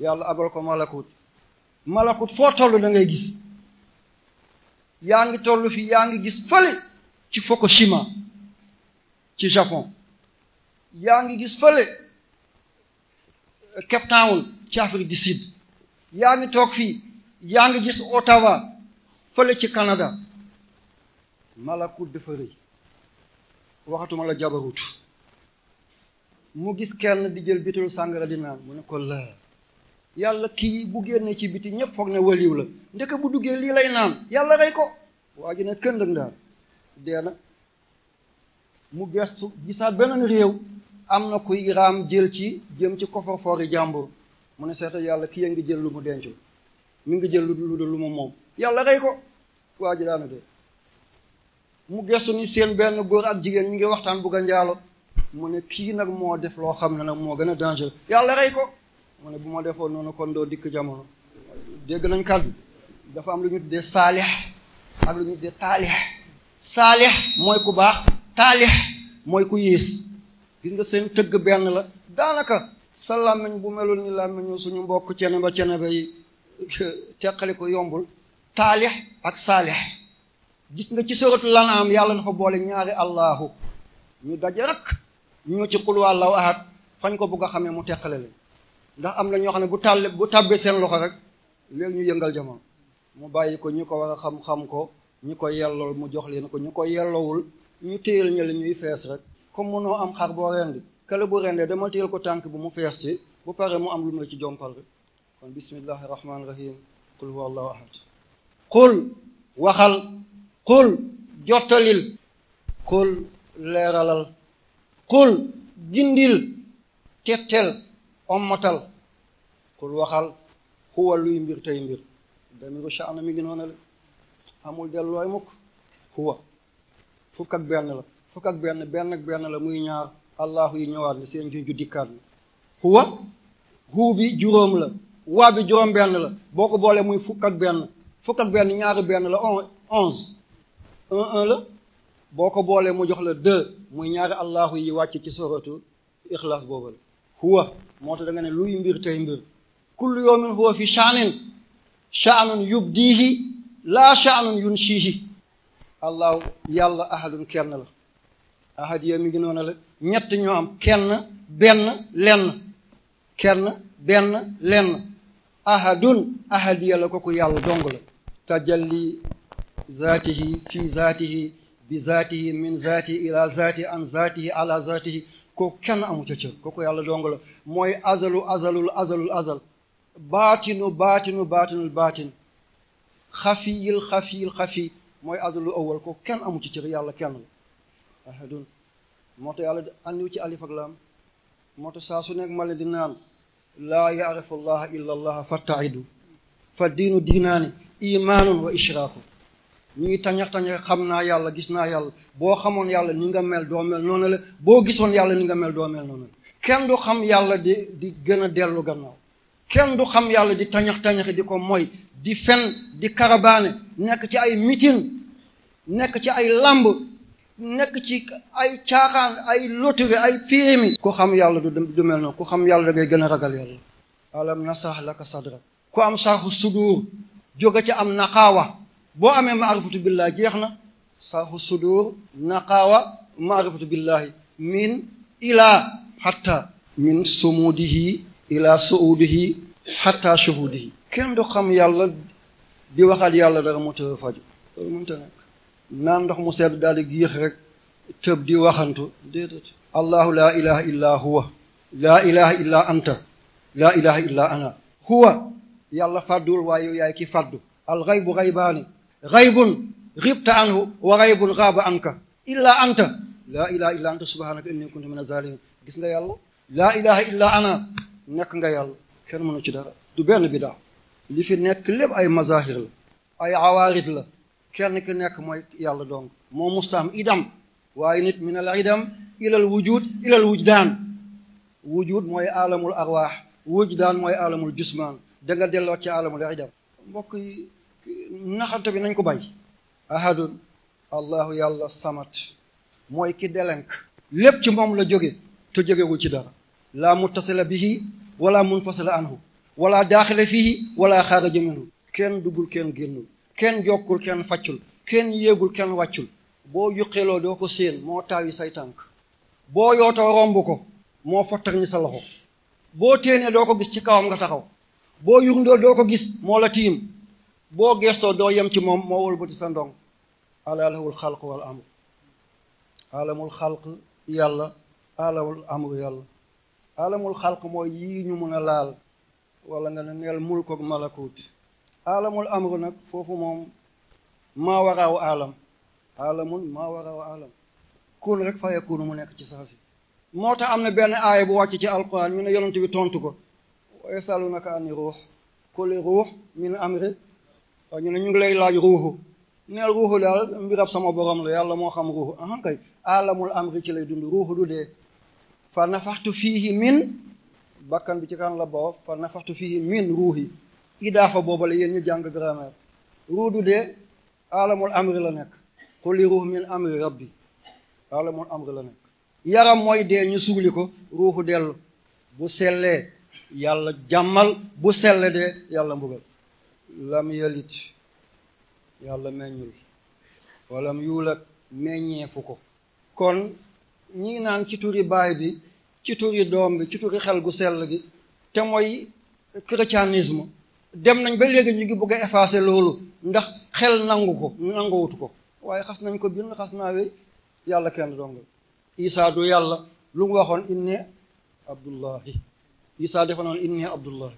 Speaker 1: yàlla abal ko malakut malakut foo toll da gis yaa ngi fii yaa gis fële ci Fukushima ci Japon yaa ngi gis fële Cape Town ci Afrique du Sud yaa ngi toog fii yaa ngi gis Ottawa fële ci Canada malakut dafa rëy waxatuma la jabarut mu gis kenn di jël bitalu sàngara di naan mu ne ko la yàlla kii bu génne ci biti ñëpp foog ne waliw la ndeke bu duggee lii lay naan yàlla rey ko waa ne këndëng daal dee mu gestu gisaat beneen réew am na kuy raam jël ci jëm ci coffre-fort yi jàmbur mu ne seeta yàlla ki a ngi jël lu mu dencul mu ngi jël lu lu lu mu moom yàlla rey ko waa ji daana de mu gestu ni seen benn góor ak jigéen ñi ngi waxtaan bu ganjaalo mu ne kii nag moo def loo xam ne nag moo gën a danger yàlla rey ko mu ne bu ma defoo noonu kon doo dikk jamono dégg nañ kàddu dafa am lu ñu tuddee saalix ak lu ñu tuddee taalix saalix mooy ku baax taalix mooy ku yiis gis nga seen tëgg benn la daanaka sa làmmiñ bu melul ni làmmiñu suñu mbokk cene ba cene ba yi [LAUGHS] teqali ko yombul taalix ak saalix gis nga ci suratul lanaam yàlla dafa boole ñaari allahu ñu daje rek ñu ci qul huwallahu ahad fañ ko bugg a xamee mu teqale leen ndax am na ñoo xam ne bu tàlle bu tàbbee seen loxo rek léegi ñu yëngal jamono mu bàyyi ko ñu ko war a xam-xam ko ñu ko yellool mu jox leen ko ñu ko yelloowul ñu téyel ña li ñuy fees rek comme mënoo am xar boo rendi kala rendee dama téyel ko tànk bu mu fees ci bu pare mu am lu mu la ci jompal rek kon bismillahi rahmaani rahim qul huwa allahu ahad qul waxal qul jottalil qul leeralal qul gindil tettel ommatal qul waxal huwa luy mbir tey mbir damiru sha'na mi ngi noonale amul mukk huwa fukk ak benn la fukk ak benn benn ak benn la muy ñaar allahu yi ñëwaat na seen junju dikkaat na huwa huu bi juróom la waa bi juróom benn la boo ko boolee muy fukk ak benn fukk ak benn ñaari benn la on onze un un la boo ko boolee mu jox la deux ñaari allahu yi wàcc ci soratu ixlaas boobu la huwa moo tax da ne luy mbir tey mbir kullu yawmin huwa fi sha'nin sha'nun yubdihi laa sha'nun yunshihi allahu yàlla ahadun kenn la ahad mi ngi noona la ñett ñoo am kenn benn lenn kenn benn lenn ahadun ahad ya la kooku yàlla dong la tajalli zaatihi fi zaatihi bi zaatihi min zaatihi ila zaatihi an zaatihi ala zaatihi kooku kenn amu ca cër kooku yàlla dong la mooy azalu azalul azalul azal baatinu baatinu baatinul baatin xafiyil xafiyil xafi mooy adulu awal ko kenn amu ci cër yàlla kenn la ahadun moo tax yàlla andiwu ci alif ak laam moo tax saa su nekk male di naan laa yaarifu allaha illa allaha fattaidu fa diinu diinaani imaanun wa ishraaku ñu ngi tañax-tañax xam naa yàlla gis naa yàlla boo xamoon yàlla ni nga mel doo mel la boo gisoon yàlla ni nga mel doo mel noonu la kenn du xam yàlla di di gën a dellu gannaaw kenn du xam yàlla di tañax-tañaxi di ko moy di fen di karabaane nekk ci ay mitin nekk ci ay lamb nekk ci ay caaxaan ay loterie ay firimi ku xam yàlla du du mel noonu ku xam yàlla da ngay gën a ragal yàlla alam nasrah laka sadrak ku am sarxu sudur jóge ci am naqaawa boo amee maarifatu billah jeex na sarxu sudur naqaawa maarifatu billahi min ilaa hatta min sumudihi ilaa suudihi xatta shuhudi yi kenn du xam yàlla di waxal yàlla dara mu tëb faju loolu mënta nekk naan ndox mu sedd daal di giix rek tëb di waxantu déedéet allahu laa ilaha illa huwa laa ilaha illa anta laa ilaha illa ana huwa yàlla fàdduwul waaye yow yaay ki fàddu al xaybu xaybaani xaybun ribta anhu wa xaybun xaaba anka illa anta laa ilaha illa anta subhanaka inni kuntu min azalimin gis nga yàlla laa ilaha illa ana nekk nga yàlla kenn mënu ci dara du benn bidaa li fi nekk lépp ay mazahir la ay awaarid la kenn ki nekk mooy yàlla dong moo mustaam idam waaye nit min al idam ilal wujud ilal wujdaan wujud mooy alamul arwaax wujdaan mooy alamul jusmaan da nga delloo ci alamul idam mbokk yi naxante bi nañ ko bay ahadun allahu yàlla samat mooy ki delenk lépp ci moom la jóge te jógewul ci dara la muttasila bihi wala munfasila anhu wala daaxila fihi wala xaaraja minhu kenn duggul kenn génnul kenn jokkul kenn faccul kenn yéegul kenn wàccul boo yuqeloo doo ko séen moo taawi say tànk boo yootoo romb ko moo fottar sa loxo boo téenee doo ko gis ci kawam nga taxaw boo yurndoo doo ko gis moo la tiim boo gestoo doo yem ci moom moo wëlbati sa ndong ala lahul xalq wal amr alamul xalq yàlla alamul amr yàlla alamul xalq mooy yii ñu mën a laal wala nga ne neel mulk ak malakut alamul amru nag foofu moom maa waraaw alam alamun maa waraaw alam kun rek fa yakunu mu nekk ci saasi moo tax am na benn aaya bu wàcc ci alquran ñu ne yonent bi tontu ko wa yasalunaka ani ruux kulli ruux min amri waaw ñu ne ñu ngi lay laaj ruuxu neel ruuxu daal mbirab sama borom la yàlla moo xam ruuxu ahan kay alamul amri ci lay dund ruuxu du dee fa nafaxtu fiihi min bakkan bi ci kan la boo fa nafaxtu fiihi min ruuhi idaafa booba la yéen ñu jàng grammaire ruudu de alamul amri la nekk xulli ruux min amri rabbi alamul amri la nekk yaram mooy dee ñu sugli ko ruuxu dellu bu sellee yàlla jàmmal bu selle dee yàlla mbugal lam yelit yàlla meññul walam yuulat meññeefu ko kon ñi naan ci turi baay bi ci turi doom bi ci turi xel gu sell gi te mooy christianisme dem nañ ba léegi ñu ngi bëgg a effacer loolu ndax xel nangu ko nanguwut ko waaye xas nañ ko bind xas naa we yàlla kenn dong Isa du yàlla lu mu waxoon inni abdullahi Isa dafa noon inni abdullahi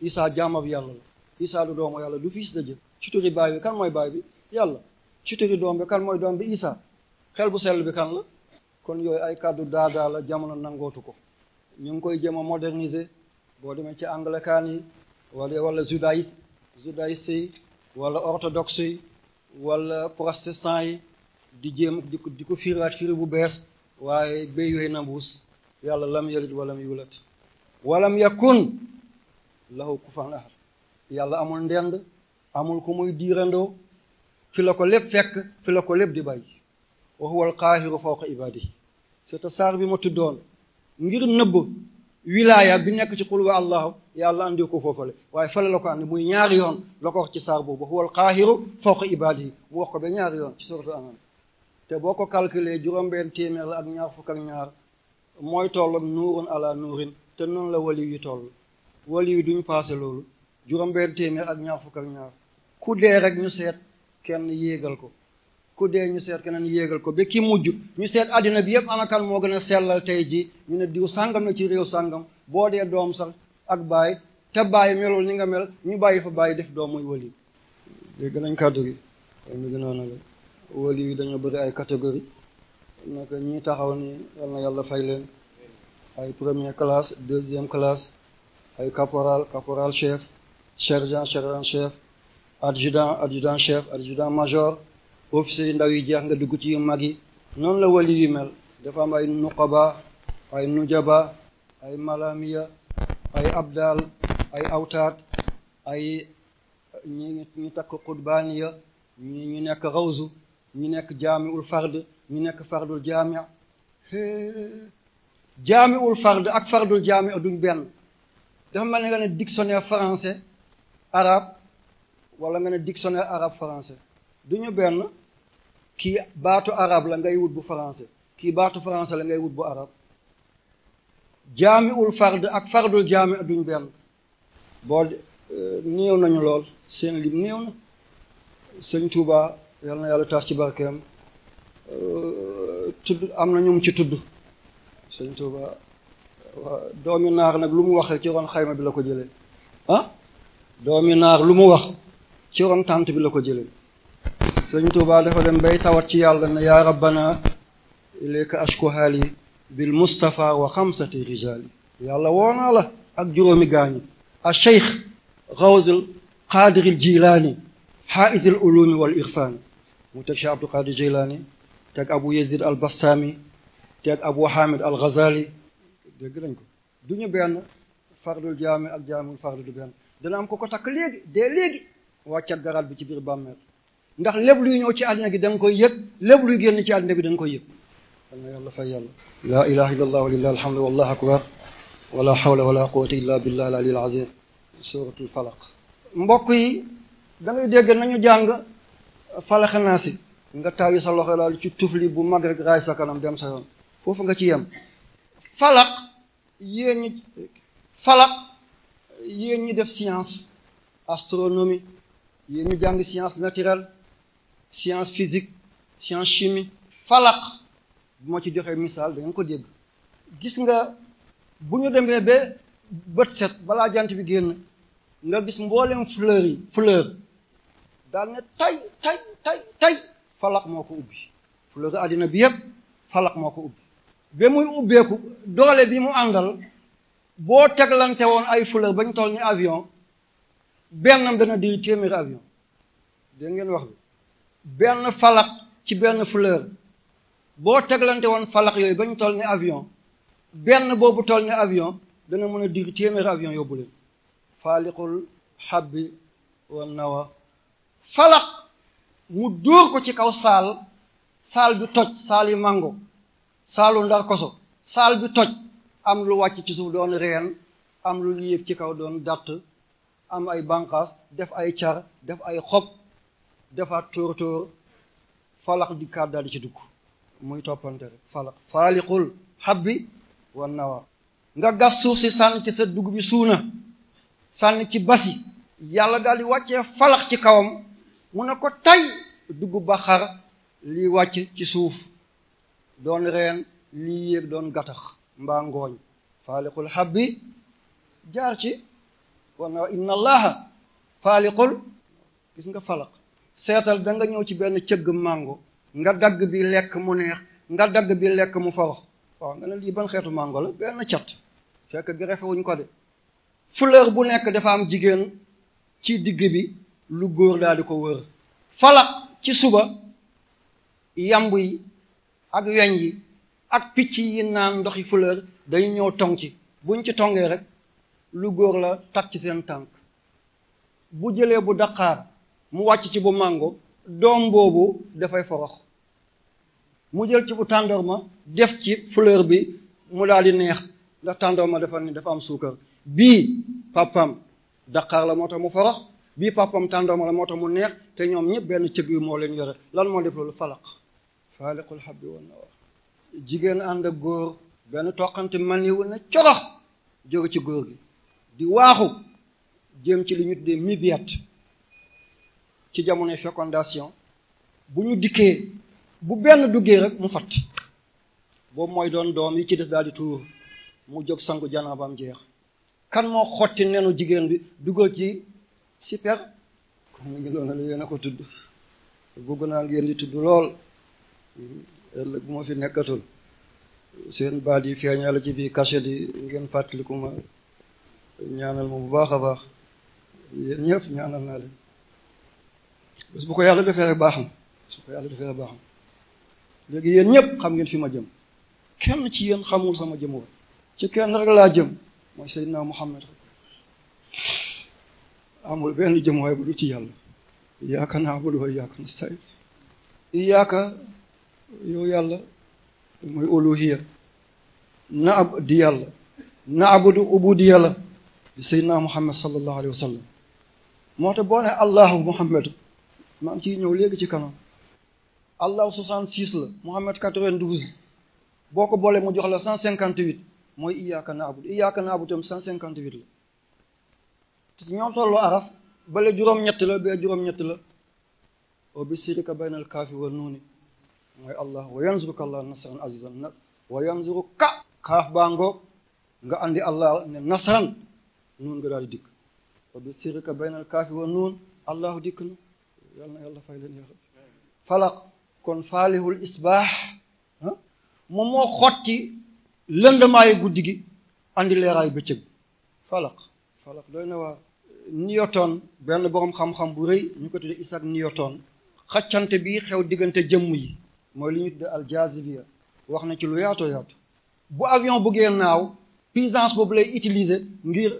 Speaker 1: Isa jaamab yàlla la Isa du doomu yàlla du fils de Dieu ci turi baay bi kan mooy baay bi yàlla ci turi doom bi kan mooy doom bi Isa xel bu sell bi kan la kon yooyu ay kàddu daadaa la jamono nangootu ko ñu ngi koy jéem modernise boo demee ci anglican yi wala wala judaïs judaïs wala orthodoxe yi wala protestant yi di jéem di ko di ko firaat firi bu bees waaye bay yooyu nambuus yàlla lam yalid walam yulat walam yakun lahu kufan ahad yàlla amul ndend amul ku muy diirandoo fi la ko lépp fekk fi ko lépp di bàyyi wa huwa alqaahiru fawqa ibaadihi surtout saar bi ma doon ngir nëbb wilaaya bi nekk ci qul wa allahu yàlla andi ko foofale waaye fële la ko andi muy ñaari yoon la ko wax ci saar boobu wa huwa alqaahiru fawqa ibaadihi mu wax ko ba ñaar yoon ci suratu anam te boo ko calculer juróom-benn téeméer la ak ñaar fukk ak ñaar mooy tolloog nuurun ala nuurin te noonu la wali yu toll wali du ñu passé loolu juróom-benn téeméer ak ñaar fukk ak ñaar ku dee rek ñu seet kenn yéegal ko ku dee ñu seet keneen yéegal ko ba ki mujj ñu seet addina bi yëpp ana kan moo gën a sellal tey ji ñu ne diw sàngam na ci réew sàngam boo dee doom sax ak baay te baay melul ni nga mel ñu bàyyi fa bàyyi def doom muy wali dégg nañ kàddu gi kon mi dañoo bëri ay catégorie naka ñi taxaw ni yàlla fay leen ay première classe deuxième classe ay caporal caporal chef sergent sergent chef adjudant adjudant chef adjudant major office yu ndaw jeex nga dugg ci yu mag yi noonu la wali yu mel dafa am ay nuqaba ay nujaba ay malamiya ay abdal ay awtaat ay ñi ñu takk qudbaniya ñi ñu nekk rawzu ñi nekk jaamiul fard ñi nekk fardul jaami
Speaker 2: jaamiul fard ak fardul
Speaker 1: jaami duñ benn dafa ma ne nga ne dictionnaire français arabe wala nga ne dictionnaire arabe du ñu benn kii baatu arab la ngay wut bu français kii baatu français la ngay wut bu arab jaamiul fard ak fardul jaami duñ benn boo euh, néew nañu lool seen lim néew na sëñ Touba yal yàlla taas ci barkeem euh, tudd am na ñum ci tudd sëñ Touba doomi naar nag lu mu wax ci ron xayma bi la ko jëlee ah doomi naar lu mu wax ci ron tànt bi la ko jëlee sëñ Tuubaa dafa dem bay tawat ci yàlla ne yaa rabbana ilayka ashku haali bil mustafa wa xamsati rijaali yàlla woonaa la ak juróomi gaañi a cheikh rawzul qaadiril jilaani xaaidil ulumi wal irfaani mu teg cheikh abdul qaadir jilaani teg abu yazid al bastaami teg abu hamid al ghazali nañ ko du ñu benn fardul jaami ak jaamul fardu du benn dana am ko ko bi ci biir bàmmeel ndax lépp luy ñëw ci àddina gi da nga koy yëg lépp luy génn ci àddina bi da nga koy yëg al na yàlla fay yàlla laa ilaha illa allah walilah alhamdu wallahu akbar wala hawla wala quwwata illa billah al aliyyil azim suratul falaq mbokk yi da ngay dégg nañu jàng falax naa si nga taayi sa loxo laal ci tufli bu mag rek raay sa kanam dem sa yoon foofu nga ci yem falaq yéen ñi falaq yéen ñi def science astronomie yéen ñi jàng science naturelle science physique science chimie falaq bu ci joxee misaal da nga ko dégg gis nga bu ñu demee ba bët set balaa jant bi génn nga gis mboolem fleur yi fleur daal ne tay tay tay tay falaq moo ko ubbi fleur àddina bi yëpp falaq moo ko ubbi ba muy ubbeeku doole bi mu àndal boo teglante woon ay fleur bañ toll ni avion bennam dana di téeméeri avion dégg ngeen wax bi benn falak ci benn fleur boo teglante woon falak yooyu ba ñu toll ni avion benn boobu toll ni avion dana mën a diri téeméeri avion yóbbu leen faaliqul habbi wan nawa falak mu dóor ko ci kaw saal saal bi toj saal màngo mango saalu ndar koso saal bi toj am lu wàcc ci suuf doon reen am lu yéeg ci kaw doon dàtt am ay banqaas def ay car def ay xob defaat tóor tóor falaq di kaat daal ci dugg muy toppante rek falaq faaliqul habbi wan nawa nga gas suuf si sànn ci sa dugub bi suuna sànn ci basi yàlla daal di wàccee falax ci kawam mu ne ko tay dugub ba xar lii wàcc ci suuf doon reen lii yéeg doon gatax mbaa ngooñ faaliqul habbi jaar ci wan nawa inna allaha faaliqul gis nga falaq seetal da ñëw ci benn cëgg mango nga dagg bi lekk mu neex nga dagg bi lekk mu farox waaw nga ne lii ban xeetu mango la benn cat fekk greffé wuñ ko de fleur bu nekk dafa am jigéen ci digg bi lu góor daa di ko wër fala ci suba yamb yi ak weñ yi ak picc yi naan ndoxi fleur dañu ñëw tong ci buñ ci tongee rek lu góor la takk ci seen tànk bu jëlee bu daqaar mu wàcc ci bu mango doom boobu dafay forox mu jël ci bu tàndarma def ci fleur bi mu daal di neex ndax tàndarma dafa ni dafa am suukar bii papam daqaar la moo tax mu forox bii papam tàndarma la moo tax mu neex te ñoom ñëpp benn cëg yu moo leen yore lan moo def loolu falaq faaliqul habbi wan nawaa jigéen ànd ak góor benn toqante maniwu ne corox jóge ci góor gi di waaxu jëm ci li ñu tuddee mibiat ci jamonoy fécondation bu ñu dikkee bu benn duggee rek mu fatt boobu mooy doon doom yi ci des daal di tuur mu jóg sangu janaabam jeex kan moo xotti nenu jigéen bi dugal ci super kon ngi loolu la yéen a ko tudd bëgg naa ngeen di tudd lool ëllëg fi nekkatul seen baat yi feeñaale ci biir cachet di ngeen fàttaliku ma ñaanal ma bu baax a baax yéen ñëpp ñaanal naa leen bés bu ko yàlla defee rek baax na bés bu ko yàlla defee rek baax na léegi yéen ñëpp xam ngeen fi ma jëm kenn ci yéen xamul sama jëm wa ci kenn rek laa jëm mooy Seydina Muhammad amul benn jëm waay bu du ci yàlla iyyaka na'budu wa iyyaka nasta'in iyyaka yow yàlla mooy uluhiyya naab di yàlla na'budu ubudiyya la bi Seydina Muhammad sallallahu alayhi wa sallam moo tax boo ne Allahu Muhammad maa ngi ciy ñëw léegi ci kanam allah 66 la Muhammad 92 boo ko boolee mu jox la cinquante 158 mooy iyaaka naabudu iyaaka naabudu tam 158 la te ñoo tolloo araf bale juróom-ñett la bee juróom-ñett la wa bisirika baynal kaafi wa nuuni mooy allah wa yanzuruka allah nasran azizan na wa yanzuruka kaaf baa ngoog nga andi allah ne nasran nuun nga daal di dikk wa bisirika baynal kaafi wa nuun allahu dikk na yàlla na yàlla fay leen kon faalihul isbaax ah, moom moo xotti lëndamaayu guddi gi andi leeraayu bëccëg falaq falaq doy na waa Newton benn boroom xam-xam bu rëy ñu ko tuddee Isaac Newton xaccante bi xew diggante jëmm yi mooy li ñu tuddee aljazibiya wax na ci lu yaatoo yaatu bu avion bëggee naaw puissance boobu lay utiliser ngir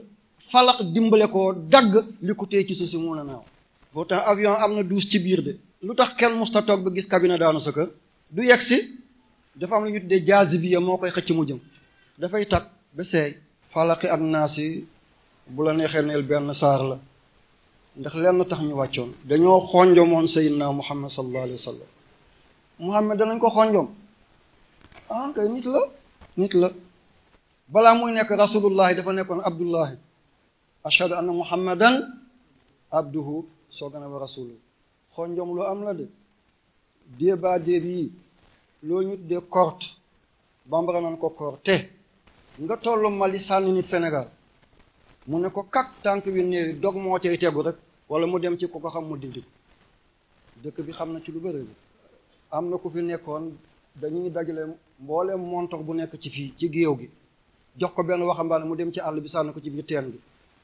Speaker 1: falaq dimbale ko dagg li ko téye ci si mun a naaw temps avion am na douche ci biir de lu tax kenn musta toog ba gis cabine daanu sa kër du yegg si dafa am lu ñu tuddee jaasibiya moo koy xëcc mu jëm dafay tag ba seey falaqi ak bu la neexee neel benn saar la ndax lenn tax ñu wàccoon dañoo xonjomoon sayyidina muhammad sallallahu alayhi wa sallam muhammad danañ ko xonjom ah kay nit la nit la balaa muy nekk rasulullahi dafa nekkoon abdullahi ashhadu anna muhammadan abduhu soogana wa rasul xonjom lu am la de débat déeb yi loo ñu tuddee corte bambara nan ko corte nga tollu Mali sànni nit Sénégal mu ne ko kak tànk wi néewi dog moo cay tegu rek wala mu dem ci ko ko xam mu dindi dëkk bi xam na ci lu bëri am na ku fi nekkoon dañuy dajale mbooleem montor bu nekk ci fii ci géew gi jox ko benn waxambaane mu dem ci àll bi sànni ko ci biir teen bi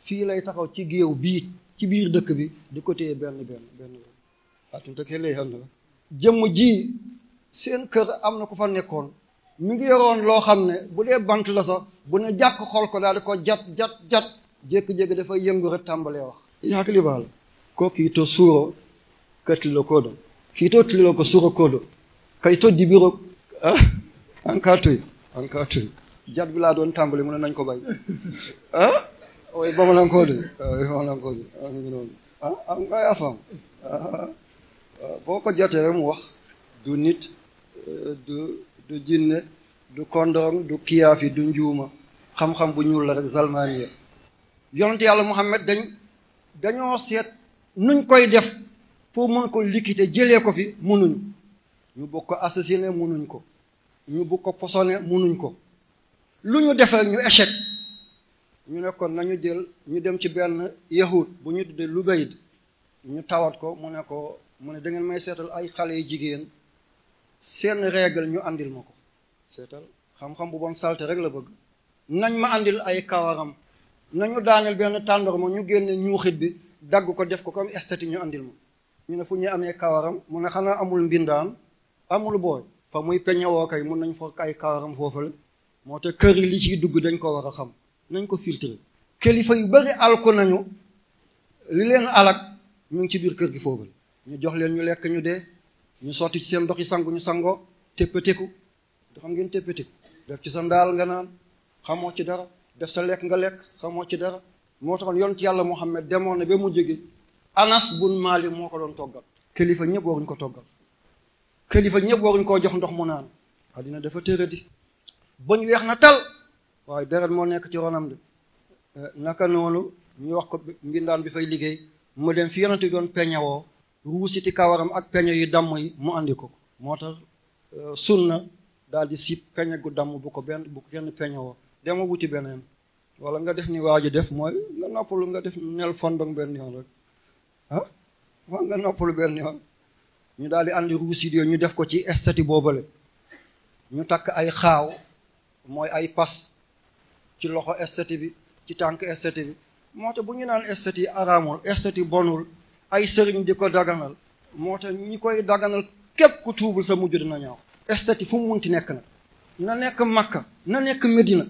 Speaker 1: fii lay taxaw ci géew bii ci biir dëkk bi di ko téye benn benn benn waatunte ke léy xel na la jëmm ji seen kër am na ku fa nekkoon mu ngi yoroon loo xam ne bu dee bant la sax bu ne jàkk xool ko daal di ko jat jat jat jékki-jékki dafa yëngu rek tàmbalee wax yaak li baal ko kiito suuro kattilo kodo kiito tililo ko suuro kodo kay to dibiro an ah, kaa tuy an bi laa doon tàmbali mu ne nañ ko bay ah oyi bamanankoode oyi bamanankoode mi ngi am ah, ah, nga yaa ah, oh, boo ko jotee rek mu wax du nit euh, du du jinne du kondoor du kiyaafi du njuuma xam-xam bu ñuul la rek zalmaaniya yonent yàlla Muhammad dañ dañoo seet nuñ koy def pour mën ko liquider jëlee ko fi munuñ ñu bëgg ko assassiner munuñ ko ñu bëgg ko posone munuñ ko lu ñu defee ñu échec ñu ne kon nañu jël ñu dem ci benn yahud bu ñu tuddee Lubayd ñu tawat ko mu ne ko mu ne da ngeen may seetal ay xale yu jigéen seen règle ñu andil ma ko seetal xam-xam bu bon salte rek la bëgg nañ ma andil ay kawaram nañu daaneel benn tàndoor ma ñu génne ñuuxit bi dagg ko def ko kom esthétique ñu andil ma ñu ne fu ñuy amee kawaram mu ne xanaa amul mbindaan amul booy fa muy peñewoo kay mun nañ foog ay kawaram foofale moo te kër yi li ciy dugg dañ ko war a xam nañ ko filtrer kilifa yu bëri alko nañu li leen alak ñu ngi ci biir kër gi foogal ñu jox leen ñu lekk ñu dee ñu sotti ci seen ndoxi sangu ñu sangoo téppateku da xam ngeen téppateku def ci sa ndaal nga naan xamoo ci dara def sa lekk nga lekk xamoo ci dara moo taxoon yoon ci yàlla ne demoon na ba mu jóge Anas bun Maalik moo ko doon toggal kilifa ñëpp waruñu ko toggal kilifa ñëpp waruñu koo jox ndox mu naan addina dafa tëradi bañ weex na tal waaye deret moo nekk ci ronam de eh, naka noonu ñu wax ko mbindaan bi fay liggéey mu dem fi yonente doon peñewoo ruusiti kawaram ak peñe yu damm yi mu àndi ko moo tax eh, na daal di si peñe gu damm bu ko benn bu ko kenn peñewoo dema wuti beneen wala nga def ni waa ji def mooy nga noppalu nga def nel fondong benn yoon rek ah waa nga noppalu benn yoon ñu daal di andi ruusit yooyu ñu def ko ci boobu la ñu takk ay xaaw mooy ay pas ci loxo esthétique bi ci tànk esthétique bi moo tax bu ñu naan esthétique araamul esthétique bonul ay sëriñ di ko daganal moo tax ñi koy daganal képp ku tuubul sa mujj dina ñaaw esthétique fu mu munti nekk nag na nekk Makka na nekk Medina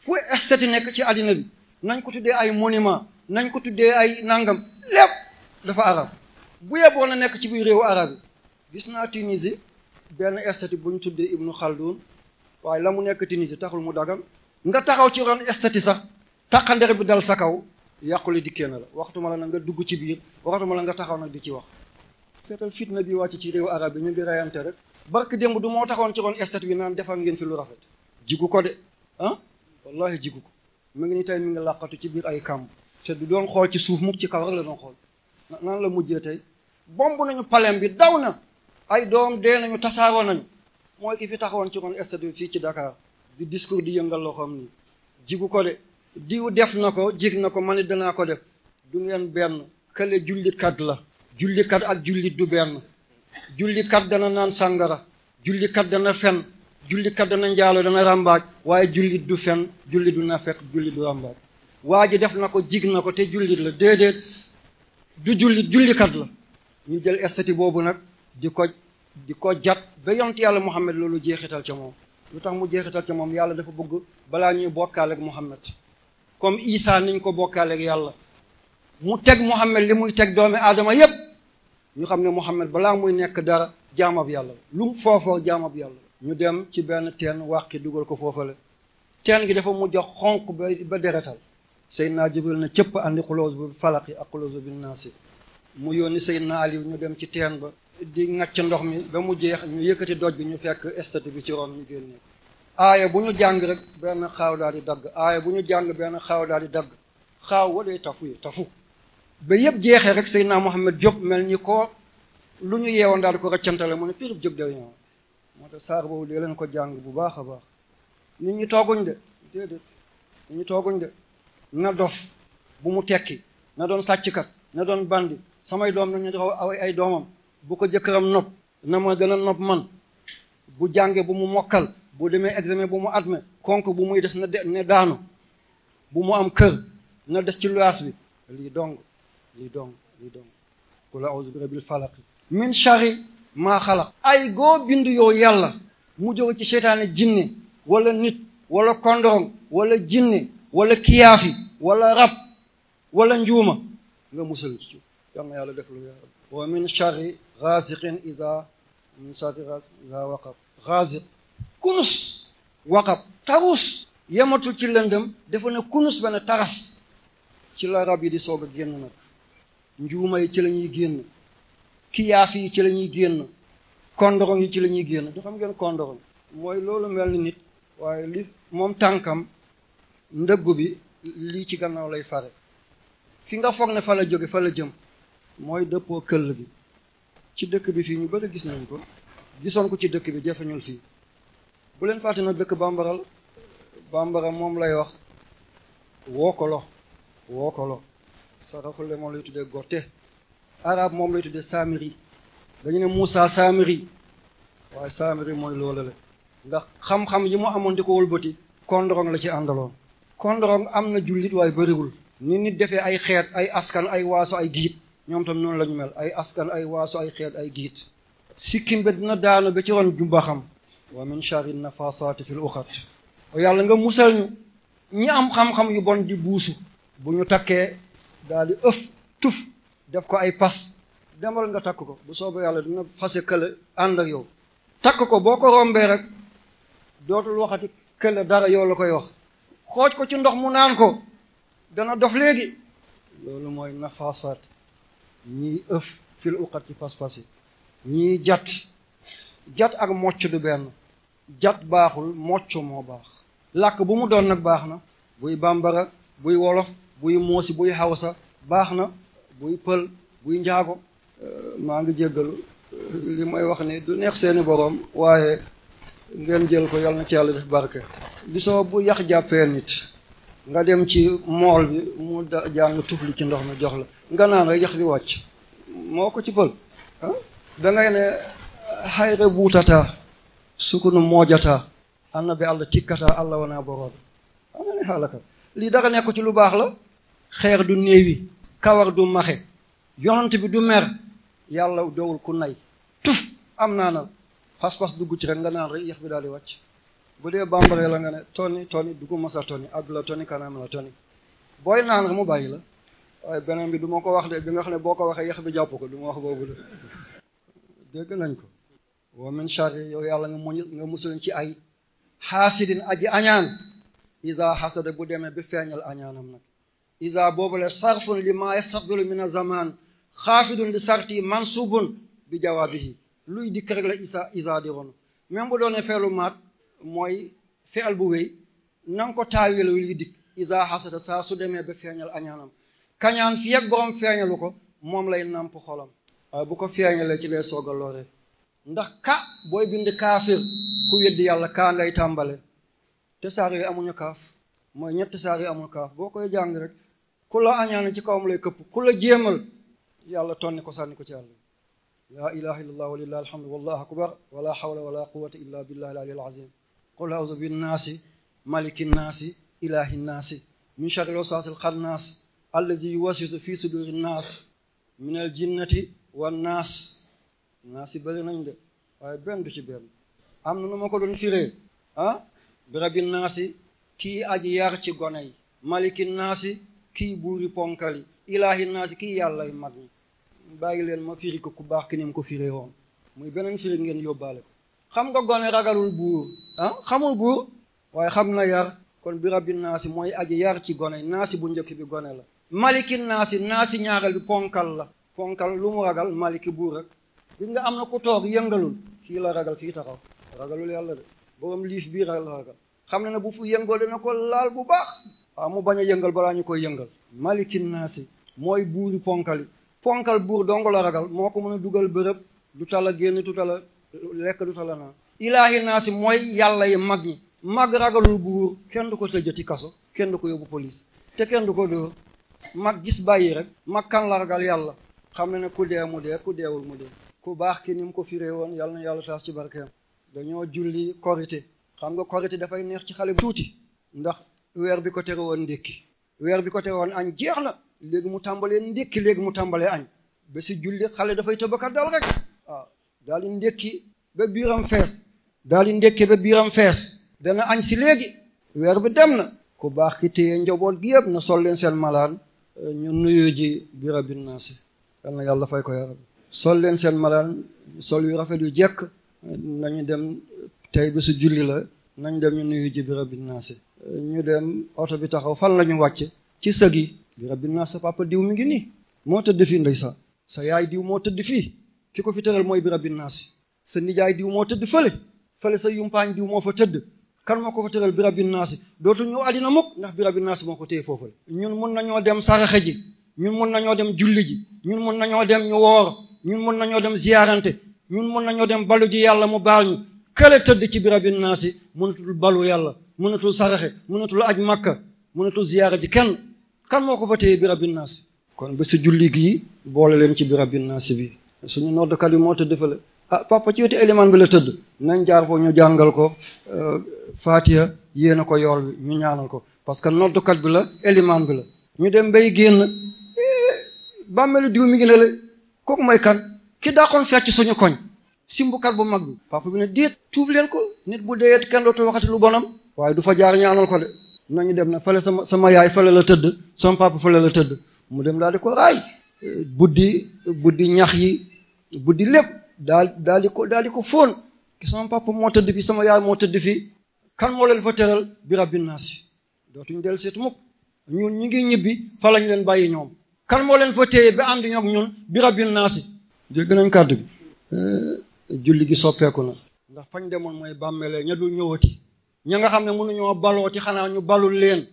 Speaker 1: fu esthétique nekk ci àddina bi nañ ko tuddee ay monument nañ ko tuddee ay nangam lépp dafa arab bu yeboo na nekk ci biir réew arab yi gis naa Tunisie benn esthétique bu ñu tuddee Ibnu Khaldun waaye la mu nekk Tunisie taxul mu dagan nga taxaw ci ron estati sax tàqandere bi dal sa kaw yàqule dikkee na la waxtuma la na nga dugg ci biir waxtuma la nga taxaw nag di ci wax seetal fitna bi wàcc ci réew arab yi ñu ngi rayante rek barke démb du moo taxoon ci ron estate bi naan defal ngeen fi lu rafet jigu ko de ah wallahi jigu ko mu ngi ni tey mi ngi làqatu ci biir ay kàmb te du doon xool ci suuf mukk ci kaw rek la doon xool naan la mujjee tey bomb nañu palem bi daw na ay doom dee nañu tasaaroo nañu mooy ki fi taxawoon ci ron estate bi fii ci Dakar bi discours di yëngal loxoom ni jigu ko de diw def na ko jig na ko man it danaa ko def du ngeen benn kële jullikat la jullikat ak jullit du benn jullikat dana naan sangara jullikat dana fen jullikat dana njaalo waaye jullit du fen jullit du nafeq jullit du ràmbaaj waa ji def na ko jig na ko te jullit la déedéet du jullit jullikat la ñu jël estati boobu nag di ko di ko jat ba yont yàlla loolu jeexital ca moom lu tax mu jeexital ci moom yàlla dafa bëgg balaa ñuy bokkaaleeg Muhammad comme Isa niñ ko bokkaaleeg yàlla mu teg Muhammad li muy teg doomi aadama yépp ñu xam ne Muhammad balaa muy nekk dara jaamab yàlla lu mu foofoor jaamab yàlla ñu dem ci benn teen wàqi dugal ko foofale teen gi dafa mujj a xonq ba ba deretal Seydina Jibril na cëpp andi xulóos bu falaqi ak xulóos bi naasi mu yónni Seydina Aliou ñu dem ci teen ba di ngacc ndox mi ba mu jeex ñu yëkkati doj bi ñu fekk estate bi ci ron ñu génne aaya bu ñu jàng rek benn xaaw daal di dagg aaya bu ñu jàng benn xaaw daal di dagg xaaw walee tafu yi tafu ba yëpp jeexee rek Seydina Muhammad jóg mel ni ko lu ñu yeewoon daal ko raccantale mu ne pirib jóg day ñëw moo tax saar boobu dee leen ko jàng bu baax a baax nit ñi tooguñ de déedéet nit na dof bu mu tekki na doon sàcckat na doon bandi samay doom ñu dafa aw ay doomam bu ko jëkkëram nopp na ma gën a nopp man bu jàngee bu mu mokkal bu demee examen bu mu adme konk bu muy des na de ne daanu bu mu am kër na des ci luwaas bi lii dong lii dong lii dong qul a'udhu bi rabbil falaq min sharri maa xalaq ay goo bind yow yàlla mu jóge ci seytaane jinne walla nit wala kondorong walla jinne wala kiyaafi wala rab wala njuuma nga musal ci yàlla def lu yàlla wa min sharri ghaasiqin iza sati iza waqab ghaasiq kunus waqab tarus yematul ci lëndëm dafa ne kunus ba ne taras ci la rab yi di soog a génn nag njuuma yi ci la ñuy génn kiyaaf yi ci la ñuy génn kondorong yi ci la ñuy génn du xam ngeen kondorong mooy loolu mel ni nit waaye li moom tànkam ndëggu bi lii ci gannaaw lay fare fi nga foog ne fa jóge fa la jëm mooy dëppoo këll bi ci dëkk bi fii ñu bari gis nañ ko gisoon ko ci dëkk bi jafeñul fii bu leen fàtte na dëkk bambaral bambara moom lay wax wookolo wookolo saraxule moom lay tuddee gote arab moom lay tuddee samiri dañu ne Moussa samiri waaye samiri mooy loola la ndax xam-xam yi mu amoon di ko wëlbati kondorong la ci àndaloon kondorong am na jullit waaye bariwul ni nit defee ay xeet ay askan ay waaso ay giit ñoom tam noonu la ñu mel ay askan ay waaso ay xeet ay giit sikkim bi dina daanu ba ci ron jumba xam wa min charri nafasaati fil uxat yàlla nga musal ñu ñi am xam-xam yu bon di buusu bu ñu takkee daal di ëf tuf def ko ay pas demal nga takk ko bu soobee yàlla dina fase kële ànd ak yow takk ko boo ko rombee rek dootul waxati kële dara yow la koy wax xooj ko ci ndox mu naan ko dana dof léegi loolu mooy nafasaat ñii ëf fil uqat ci pas-pas yi ñii jat jat ak mocc du benn jat baaxul mocc moo baax làkk bu mu doon nag baax na buy bàmbara buy wolof buy moosi buy hawsa baax na buy pël buy njaago euh, maa ngi jéggalu euh, li may wax ni du neex seeni boroom waaye ngeen jël ko yàlla na ci yàlla def barke di soo bu yax jàppee nit nga dem ci mool bi mu da jàng tufli ci ndox mi jox la nga naan rek yax di wàcc moo ko ci pël ah ne xayre buutataa sukunu moojataa anna bi àll tikkataa àlla wanaa boroon am na ne xaalaka lii dara nekk ci lu baax la xeer du néewi kawar du maxe yonent bi du mer yàlla dowul ku nay tuf am naa na pas-pas dugg ci rek nga naan rek yax bi daal di wàcc bu dee bambara la nga ne tonni tonni dugub masa tonni addu la tonni kanam la tonni booy naan rek mu la waaye beneen bi duma ko wax de bi nga xam ne boo ko waxee yéex bi jàpp ko du ma wax boobu de dégg nañ ko wa min sharri yow yàlla nga muñ nga musul ci ay xaasidin aji añaan isa xasada bu demee bi feeñal añaanam nag isa boobule sarfun li maa yastaqbilu min a zaman xaafidun li sarti mansubun bi jawaabihi luy dikk rek la isa isa di ronu même bu doone feelu maat mooy fi'al bu wéy na nga ko taawilawul yi dikk isa xasada saa su demee ba feeñal añaanam kañaan fi ak borom feeñalu ko moom lay namp xolam waaye bu ko feeñalee ci lay soog a ndax ka booy bind kaafir ku weddi yàlla kaa ngay tàmbale te saar yooyu amuñu kaaf mooy ñetti saar yu amul kaaf boo koy jàng rek ku la ci kawam lay këpp ku la jéemal yàlla tonni ko sànni ko ci àll laa ilaha illallah walillahi alhamdu wallahu akbar wala hawla wala quwwata illa billahi al qul a'udhu bin naasi malikin naasi ilahin naasi min sharril waswasil khannas alladhi yuwaswisu fi sudurin naas minal jinnati wan naas naas bari nañ de waaye benn du ci benn am na nu ma ko doon firee ah birabin naasi kii aji yar ci gone yi malikin naasi kii buuri ponkali ilaahi naasi kii yàllay mag ñi bàyyi leen ma firi ko ku baax ki ni ko firee woon muy beneen firi ngeen yóbbaale xam nga gone ragalul buur ah xamul buur waaye xam na yar kon bi rabbi naasi mooy aji yar ci gone naasi bu njëkk bi gone la maliki naasi naasi ñaareel bi ponkal la ponkal lu mu ragal maliki buur rek gis nga am na ku toog yëngalul kii la ragal kii taxaw ragalul yàlla de borom liif bii la ragal xam na ne bu fu yëngoo dina ko laal bu baax waaw ah, mu bañ a yëngal balaa ñu koy yëngal maliki naasi mooy buuri ponkali ponkal buur dong la ragal moo ko mën a dugal bërëb du tala génn du tala lekk du tala naa ilaahi naa si mooy yàlla yi mag ñi mag ragalul buur kenn du ko tëjati kaso kenn du ko yóbbu police te kenn du ko dóor mag gis bàyyi rek mag kan la ragal yàlla xam ne ne ku dee mu dee ku deewul mu dee ku baax ki ni mu ko fiire woon yàlla na yàlla taas ci barkeem dañoo julli korité xam nga korité dafay neex ci xale bu tuuti ndax weer bi ko tere woon ndékki weer bi ko tere woon añ jeex na léegi mu tàmbalee ndékki léegi mu tàmbalee añ ba si julli xale dafay tëbëkat dal rek ah. daal di ndékki ba biiram fees daal di ndékki ba biiram fees dana añ si léegi weer bi dem na ku baax ki téye njaboot gi yëpp na sol leen seen malaan euh, ñu nuyu ji biira bin naasi yal yàlla fay sol leen seen malaan sol yu rafet yu jekk nañu dem tey bi su julli la nañ dem ñu nuyu ji biira bin euh, ñu dem oto bi taxaw fan la ñu wàcc ci sëgi biira bin naasi papa diw mi ngi nii moo tëdd fii ndey sa sa yaay diw moo tëdd fii ki ko fi tëral mooy bi sa nijaay diw moo tëdd fële fële sa yumpaañ diw moo fa tëdd kan moo ko fa tëral bi rabbi naasi dootu ñëw àddina mukk ndax bi rabbi naasi moo ko téye foofale ñun mun nañoo dem saraxe ji ñun mun nañoo dem julli ji ñun mun nañoo dem ñu woor ñun mun nañoo dem ziyaarante ñun mun nañoo dem balu ji yàlla mu baal ñu kële tëdd ci bi rabbi naasi mënatul balu yàlla mënatul saraxe mënatul aj makka mënatul ziyaara ji kenn kan moo ko fa téye bi rabbi naasi kon bésu julli gii boole leen ci bi rabbi bi suñu noddukat bi moo tëdd fële ah papa ci wetu éliman bi la tëdd nañ jaar foofu ñu jàngal ko euh, fatiha yéen ko yool bi ñu ñaanal ko parce que noddukat bi la éliman bi la ñu dem bay génn eh, bàmmeelu diw mi ngi ne la kooku mooy kan ki daaxoon fecc suñu koñ simbukat bu mag bi papa bi ne déet tuub leen ko nit bu deeet kenn dootu waxati lu bonam waaye du fa jaar ñaanal ko de nañu dem na fële sama sama yaay fële la tëdd sama papa fële la tëdd mu dem daal di ko eh, ñax yi guddi lépp daal daal di ko daal di ko fóon ki sama papa moo tëdd fi sama yaay moo tëdd fi kan moo leen fa tëral bi rabbi naas dootuñu del seet mukk ñun ñu ngi ñibbi fa lañu leen bàyyi ñoom kan moo fa téye ba ànd ñoom ñun bi rabbi naas nañ kàddu bi eh, julli gi soppeeku na ndax fañ demoon mooy bàmmeele ña dul ñëwati ña nga xam ne mun mënuñoo balooti xanaa ñu balul leen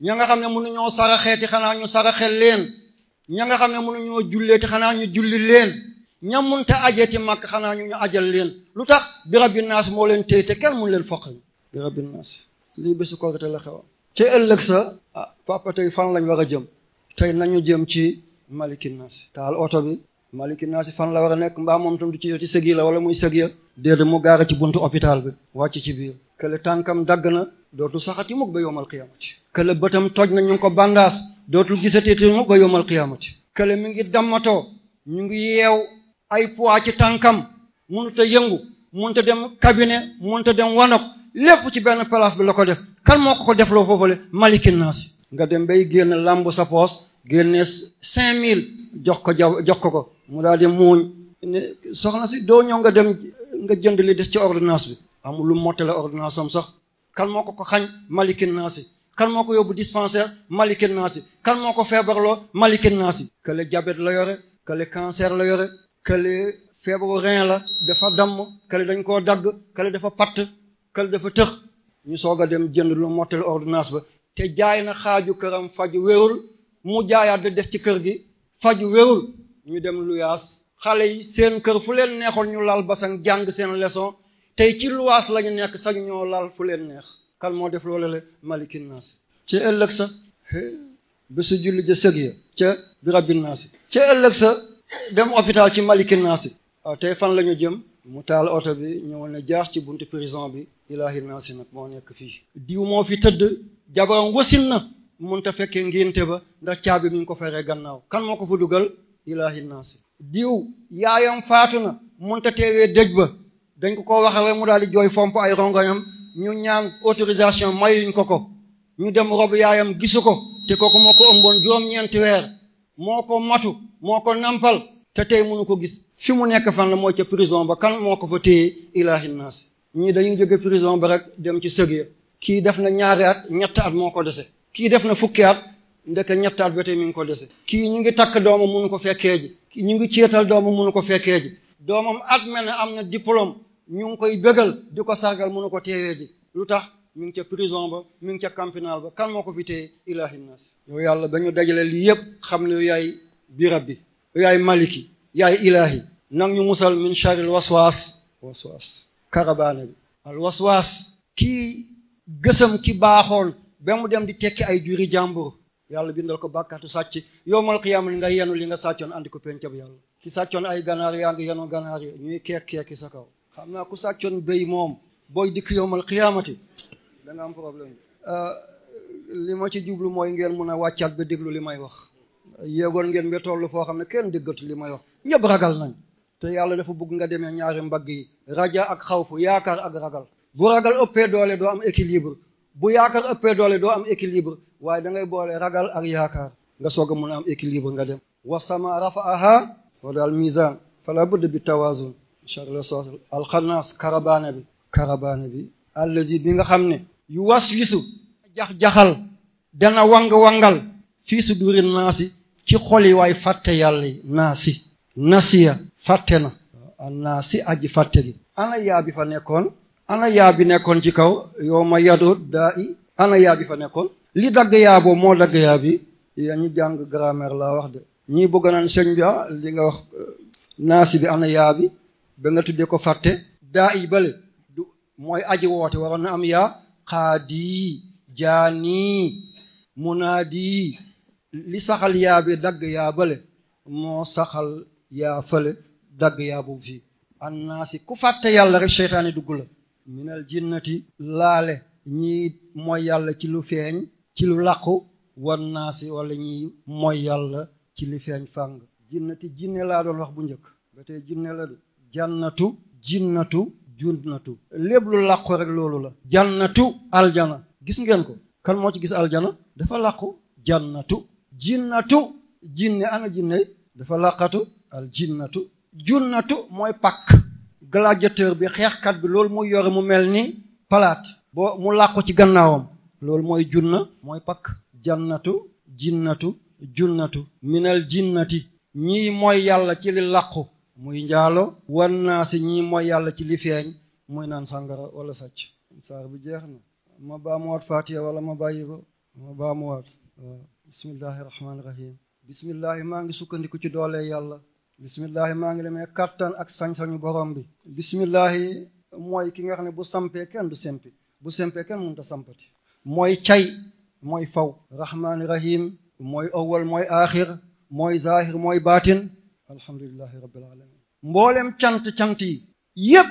Speaker 1: ña nga xam ne mënuñoo saraxeeti xanaa ñu saraxel leen ña nga xam ne mënuñoo julleeti xanaa ñu julli leen ñamunta ajeeti màkk xanaa ñu ñu ajal leen lu tax bi rabbi naas moo leen téy te kenn mun leen foqal bi rabbi naas lii bésu korite la xewa ci ëllëg sa ah papa tey fan lañ war a jëm tey nañu jëm ci maliki naas taal oto bi maliki naas fan la war a nekk mbaa moom tam du ci ci sëgi la wala muy sëg ya déedéet mu gaara ci buntu hôpital bi wàcc ci biir kële tànkam dagg na dootu saxati mukk ba yowmal qiyamati kële bëtam toj na ñu ngi ko bandaas dootul gisatiti mukk ba yowmal qiyamati kële mi ngi ay poids ci tànkam mënut a yëngu mënut a dem cabinet mënut a dem wanok lépp ci benn place bi la ko def kan moo ko ko defloo foofule malikin naas nga dem bay génn lambu sa poos génne cinq mille jox ko jaw jox ko ko mu daal di muuñ ne soxna si doo ñëw nga dem nga jënd li des ci ordonnance bi amul lu mottale ordonnance am sax kan moo ko ko xañ malikin naas kan moo ko yóbbu dispensaire malikin naas kan moo ko feebarloo malikin naas kële diabète la yore kële cancer la yore kële feebaru rein la dafa damm kële dañ koo dagg kële dafa patt kële dafa tëx ñu soog a dem jënd lu mottali ordinance ba te jaay na xaaju këram faju wérul mu jaayaat da des ci kër gi faju wérul ñu dem luyaas xale yi seen kër fu leen neexoon ñu lal basan jàng seen leçon tey ci luwaas lañu nekk sax ñoo lal fu leen neex kan moo def loolu la malikin naas ci ëllëg sa si julli ja sëg ya ca bi rabbin naas ca ëllëg sa dem hôpital ci Malick Nassi waaw tey fan la ñu jëm mu taal oto bi ñëwal na jaar ci buntu prison bi ilaahi Nassi nag moo nekk fii diw moo fi tëdd jabaram wasin na mënta fekkee ngénte ba ndax caabi mi ngi ko feree gannaaw kan moo ko fa dugal ilaahi Nassi diw yaayam faatu na mënta teewee dëj ba dañ ko ko waxawee mu daal di jooy fomp ay rongoñam ñu ñaan autorisation mayuñ ko ko ñu dem rob yaayam gisu ko te kooku moo ko ëmboon juróom-ñeenti weer moo moo ko nampal te tey mënu ko gis fi mu nekk fan la moo ca prison ba kan moo ko fa téye ilaahi naas ñii dañuy jóge prison ba rek dem ci sëg ya kii def na ñaari at ñetti at moo ko dese kii def na fukki at ndeke ñetti at ba tey mi ngi ko dese kii ñu ngi takk doomam mënu ko fekkee ji kii ñu ngi ceetal doomam mënu ko fekkee ji doomam at mel ne am na diplôme ñu ngi koy bégal di ko sargal mënu ko teewee ji lu tax mi ngi ca prison ba mi ngi ca campinal ba kan moo ko fi téye ilaahi naas yàlla dañu dajale lii yëpp xam ne yaay bi rabbi yaay maliki yaay ilahi nang ñu musal min sharil waswaas waswaas karabaane bi al waswaas kii gësam ki baaxoon ba mu dem di tekki ay juri jàmbur yàlla bindal ko bàkkaatu sàcc yowmal qiyaama li nga yenu li nga sàccoon andi ko pencab yàlla ki sàccoon ay ganaar yaa ngi yenu ganaar yi ñuy keek keeki sa kaw xam naa ku sàccoon béy moom booy dikk yowmal qiyaamati da nga am problème euh, li ma ci jublu mooy ngeen mun a wàccaat ba déglu li may wax yéegoon ngeen ba toll foo xam ne kenn déggatu li may wax ñëpp ragal nañ te yàlla dafa bëgg nga demee ñaari mbagg yi raja ak xaw xawfu yaakaar ak ragal bu ragal ëppee doole doo am équilibre bu yaakaar ëppee doole doo am équilibre waaye da ngay boole ragal ak yaakaar nga soog a mun a am équilibre nga dem wasama rafaaha wa daal mizan fala budda bi tawazun charle sos alxanaas karabaane bi karabaane bi allazi bi nga xam ne yu was wisu jax-jaxal dana wang-wangal fii ci xol yi waay fàtte yàlla yi naasi nasiya fàtte na naasi aji fàtte gi ana yaa bi fa nekkoon ana yaa bi nekkoon ci kaw yow ma daa i ana yaa bi fa nekkoon li dagg yaa moo dagg yaa bi yaa ñu jàng grammaire laa wax de ñii bëgg naan sëñ ah, li nga wax euh, naasi bi ana yaa ba nga tuddee ko fàtte daa i bale mooy aji woote waroon na am yaa xaadi jaani munaadi li saxal yaa dagg yaa bële moo saxal yaa fële dagg yaa boobu fii annaasi ku fàtte yàlla rek seytaane dugg la minal jinnati laale ñii mooy yàlla ci lu feeñ ci lu làqu wan naasi wala ñii mooy yàlla ci lu feeñ fàng jinnati jinne laa doon wax bu njëkk ba tey jinne la de jannatu jinnatu junnatu lépp lu làqu rek loolu la jannatu aljana gis ngeen ko kan moo ci gis aljana dafa làqu jannatu jinnatu jinne ana jinne dafa laqatu al jinnatu junnatu mooy pakk gladiateur bi xeexkat bi loolu mu yore mu mel ni palaat boo mu làqu ci gannaawam loolu mooy junna mooy pakk jannatu jinnatu junnatu minal jinnati ñii mooy yàlla ci li làqu muy njaalo wan naa si ñii mooy yàlla ci li feeñ muy naan sàngara wala sàcc saar bi jeex na ma baa mu waat faatiya wala ma bàyyi ko ma baa mu waat bismillahi rahmaani rahim bismillahi maa ngi sukkandiku ci doole yàlla bismillahi maa ngi demee kattan ak sañ-sañu borom bi bismillahi mooy ki nga xam ne bu sampee kenn du sempi bu sempee kenn mënut a sampati mooy cay mooy faw rahmaani rahim mooy awwal mooy aaxir mooy zahir mooy baatin alhamdulillahi rabbil alamin mboolem cant cant yi yépp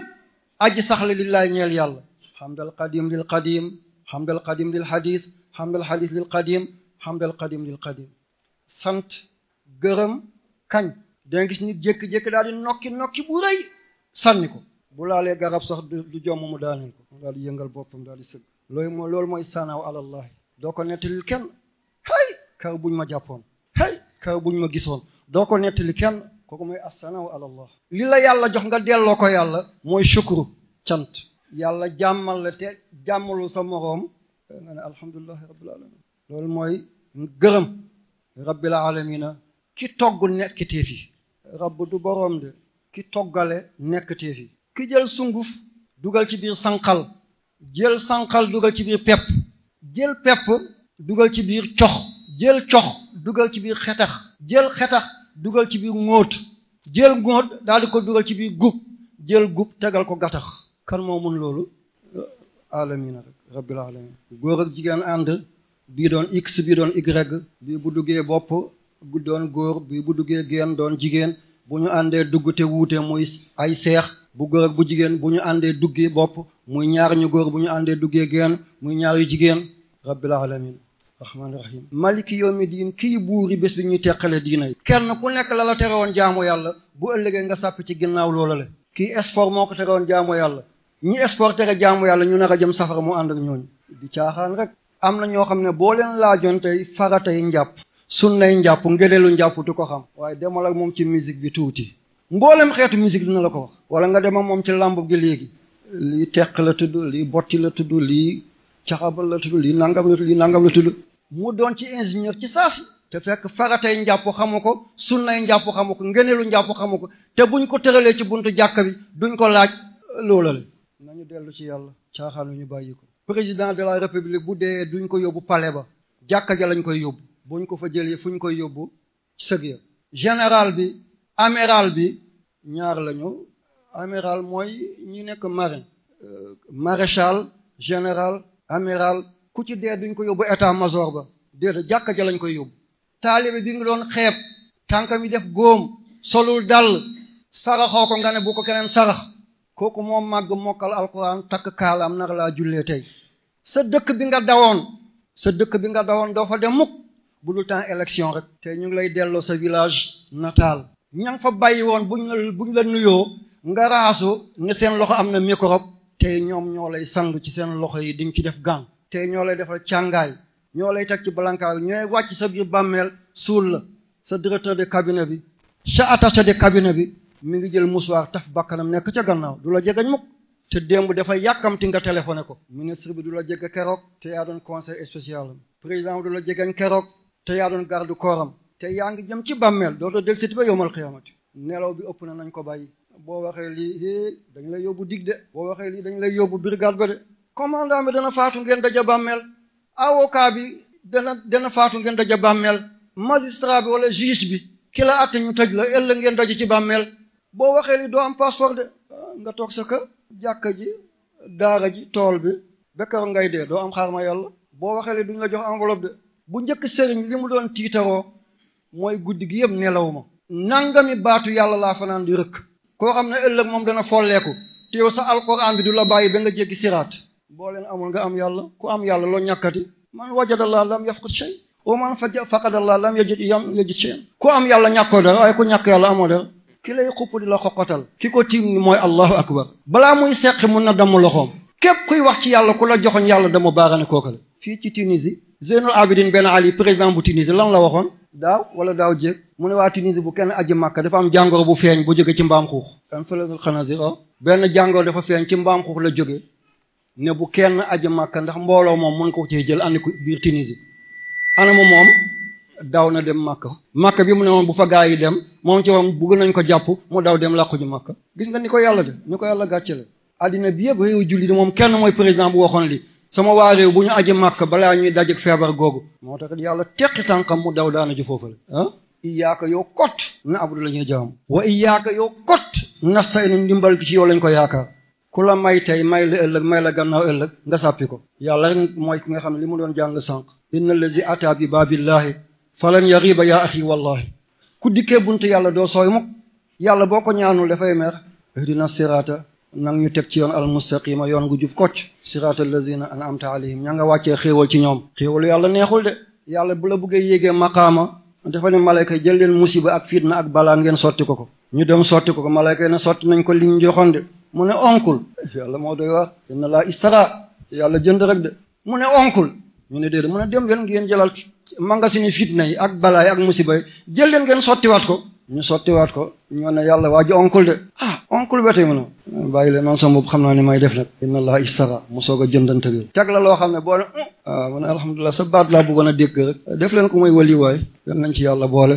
Speaker 1: aji saxle lillahi ñeel yàlla hamdal qadim lil qadim hamdal qadim lil hadis hamdal hadis lil qadim xamdal xadim lil xadim sant gërëm kañ danga gis nit jékki-jékki daal di nokki nokki bu rëy sànni ko bu laalee garab sax du jomm mu daaneel ko yëngal boppam daal di sëgg mooy loolu mooy sanaaw alallahi doo ko nettalil kenn hey kar buñ ma jàppoon hey kar buñ ma gisoon doo ko nettali kenn kooku mooy assanaaw alallah li la yàlla jox nga delloo ko yàlla mooy shukru sant yàlla jàmmal la te jàmmalu sa moroom nga ne alhamdulillahi rabbil loolu mooy gërëm rabbil alamina ki togg nekkateef yi rabb du boroom de ki toggale nekkateef yi ki jël sunguf dugal ci biir sànqal jël sànqal dugal ci biir pepp jël pepp dugal ci biir cox jël cox dugal ci biir xetax jël xetax dugal ci biir ŋóot jël ŋóot daal di ko dugal ci biir gub jël gub tegal ko gattax kan moo mun loolu alamina rek rabbil alamina góor ak jigéen ànd bii doon x bii doon y bii bu duggee bopp doon góor bii bu duggee génn doon jigéen bu ñu àndee dugg te wuute muy ay seex bu góor ak bu jigéen bu ñu àndee duggee bopp muy ñaar ñu góor bu ñu àndee duggee génn muy ñaar yu jigéen rabbil alamin rahmaani rahim maliki yawmi diin kii yi bés bi ñuy teqale diina yi kenn ku nekk la la terewoon jaamu yàlla bu ëllëgee nga sàpp ci ginnaaw loola la kii esport moo ko terewoon jaamu yàlla ñi esport tere jaamu yàlla ñu nar a jëm mu ànd ak am na ñoo xam ne boo leen laajoon tey faratay njàpp sunnay njàpp ngëneelu njàpp du ko xam waaye demal ak moom ci musique bi tuuti mboolem xeetu musique dina la ko wax wala nga dem moom ci làmb gi léegi lii teq la tudd lii botti la tudd lii caxabal la tudd lii nangam la tudd lii nangam la tudd mu doon ci ingénieur ci saasi te fekk faratay njàpp xamu ko sunnay njàpp xamu ko ngëneelu njàpp xamu ko te bu ñu ko tëralee ci buntu jàkka bi duñ ko laaj loola la ñu dellu ci yàlla caaxaan ñu bàyyi ko président de la république bu dee duñ ko yóbbu palais ba jàkka ja koy yóbbu buñ ko fa jëlee fuñ koy yóbbu sëg ya général bi amiral bi ñaar lañu amiral mooy ñu nekk marin euh, maréchal général amiral ku ci dee duñ ko yóbbu état major ba déedéet jàkka ja lañ koy yóbbu taalibe bi nga doon xeeb tànkam yi def góom solul dal saraxoo ko nga ne bu ko keneen sarax kooku moo màgg mokkal alquran takk kaalaam nar laa jullee tey sa dëkk bi nga dawoon sa dëkk bi nga dawoon doo fa dem mukk bu dul temps élection rek te ñu ngi lay delloo sa village nataal ña fa bàyyi woon bu la la nuyoo nga raasu ne seen loxo am na microbe te ñoom ñoo lay sang ci seen loxo yi di diñ ci def gàng te ñoo lay defal càngaay ñoo lay teg ci balankaaw ñooy wàcc sa biir bàmmeel suul la sa directeur de cabinet bi sa attaché de cabinet bi mi ngi jël mouchoir taf bakkanam nekk ca gannaaw du la jegañ mukk te démb dafa yàkkamti nga téléphoné ko ministre bi du la jeg keroog te yaa doon conseil spécial président bi du la jegeñ keroog te yaa doon garde kooram te yaa ngi jëm ci bàmmeel dootoo del sit ba yowmal xiyaamati nelaw bi ëpp na nañ ko bàyyi boo waxee lii é dañ lay yóbbu dig de boo waxee lii dañ lay yóbbu brigade ba de commandant bi dana faatu ngeen daja bàmmeel avocat bi dana dana faatu ngeen daja bàmmeel magistrat bi wala juge bi ki la ñu tëj la ëllëg ngeen daje ci bàmmeel boo waxee li doo am passeport nga toog sa kër jàkka ji daara ji tool bi bekkaroog ngay dee doo am xaar ma yàlla boo waxee le duñ la jox enveloppe de bu njëkk sëriñ li mu doon tiitaroo mooy guddi gi yëpp nelaw ma nangami baatu yàlla laa fanaan di rëkk koo xam ne ëllëg moom dana folleeku te yow al alquran bi du la bàyyi ba nga jéggi siraat boo leen amul nga am yàlla ku am yàlla loo ñàkkati man wajadallah lam yafqud shay wa man faqadallah lam yajid yam yajid shay ku am yàlla ñàkkoo dara waaye ku ñàkk yàlla amoo dara ki lay xupp di la xoqatal ki ko tiim ni mooy allahu akbar balaa muy seqi mun na damm loxoom képp kuy wax ci yàlla ku la joxoñ yàlla dama baarane kookale fii ci Tunisie Zeynul Abidin Ben Ali président bu Tunisie lan la waxoon daaw wala daaw jéeg mu ne waa Tunisie bu kenn aji Màkka dafa am jàngoro bu feeñ bu jóge ci mbaam xuux kan fëlasul xanasira oh? benn jàngoro dafa feeñ ci mbaam xuux la jóge ne bu kenn aji makka ndax mbooloo moom mun ko cee jël andi ko biir daw na dem Makka Makka bi mu ne woon bu fa gaa yi dem moom ci moom bëgg nañ ko jàpp mu daw dem làqu ñu Makka gis nga ni ko yàlla de ni ko yàlla gàcce la addina bi yëpp réew julli di moom kenn mooy président bu waxoon li sama waa réew bu ñu aj Makka balaa ñuy dajek feebar googu moo tax yàlla teqi tànkam mu daw daana ji foofu la ah iyaaka yow kot na abdu la ñuy jaam wa iyaaka yow kot nastay na ndimbal gi ci yow lañ ko yaakaar ku la may tey may la ëllëg may la gannaaw ëllëg nga sàppi ko yàlla mooy ki nga xam ne li mu doon jàng sànq inna allazi ata bi babillahi falan yariba yaa axi wallahi ku dikkee buntu yàlla doo sooy mukk yàlla boo ko ñaanul dafay mer ihdina sirata nang ñu teg ci yoon al mustaqima yoon gu jub kocc sirata allazina an'amta alayhim ña nga wàccee xéewal ci ñoom xéewalu yàlla neexul de yàlla bu la bëggee yéegee maqaama dafa ne malayka jël leen musiba ak fitna ak balaa ngeen sotti ko ko ñu dem sotti ko ko malayka ne sotti nañ ko li ñu joxoon de mu ne onkul yàlla moo doy waar yàlla jënd rek mu ne de mu a dem leen ngeen jëlal mangasini fitna yi ak balaay ak musiba yi jël leen ngeen sottiwaat ko ñu sottiwaat ko ñu ne yàlla waa ji oncle de ah oncle ba tey mu leen man sama bopp xam naa ni may def nag inna allah istara mu soog a jëndante bi teg la loo xam ne boole hmm. ah a ne alhamdulilah sa baat laa bëggoon a dégg rek def leen ko mooy wali waay yan nañ ci yàlla boole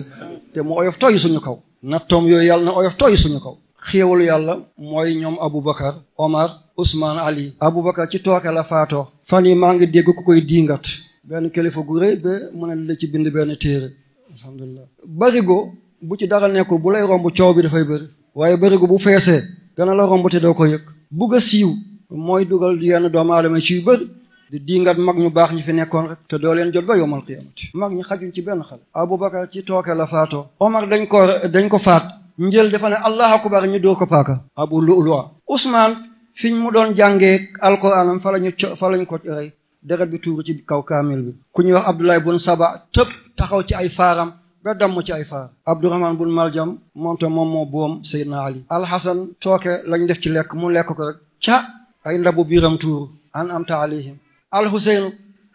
Speaker 1: te mu oyof tooy suñu kaw nattoom yooyu yàlla na oyof tooy suñu kaw xéewalu yàlla mooy ñoom Aboubacar Omar Ousmane Ali Aboubacar ci tooke la faatoo fan yi maa ngi dégg ko koy ngat benn kilifa gu rëy ba mu ne la ci bind benn téere alhamdulilah barigo bu ci dara nekkul bu lay romb coow bi dafay bëri waaye barigo bu feesee dana la romb te doo ko yëg bugg a siiw mooy dugal yenn doomu aadama ci yu bëri di diingat mag ñu baax ñi fi nekkoon rek te doo leen jot ba yowmal qiyamati mag ñi xajuñ ci benn xale Aboubacar ci tooke la faatoo njël dafa ne allahu akbar ñu dóor ko paaka abu lu'lu'a usmaan fiñ mu doon jàngee alquraanam fa lañu co fa lañu ko rey deret bi tuuru ci kaw kaamil bi ku ñuy wax abdullahi bun saba tëb taxaw ci ay faaram ba damm ci ay faar abdourahman bun maljam moomte moom moo boom seydna ali alxasan tooke lañ def ci lekk mu lekk ko rek ca ay ndabu biiram tuuru an amta alayhim alxuseyn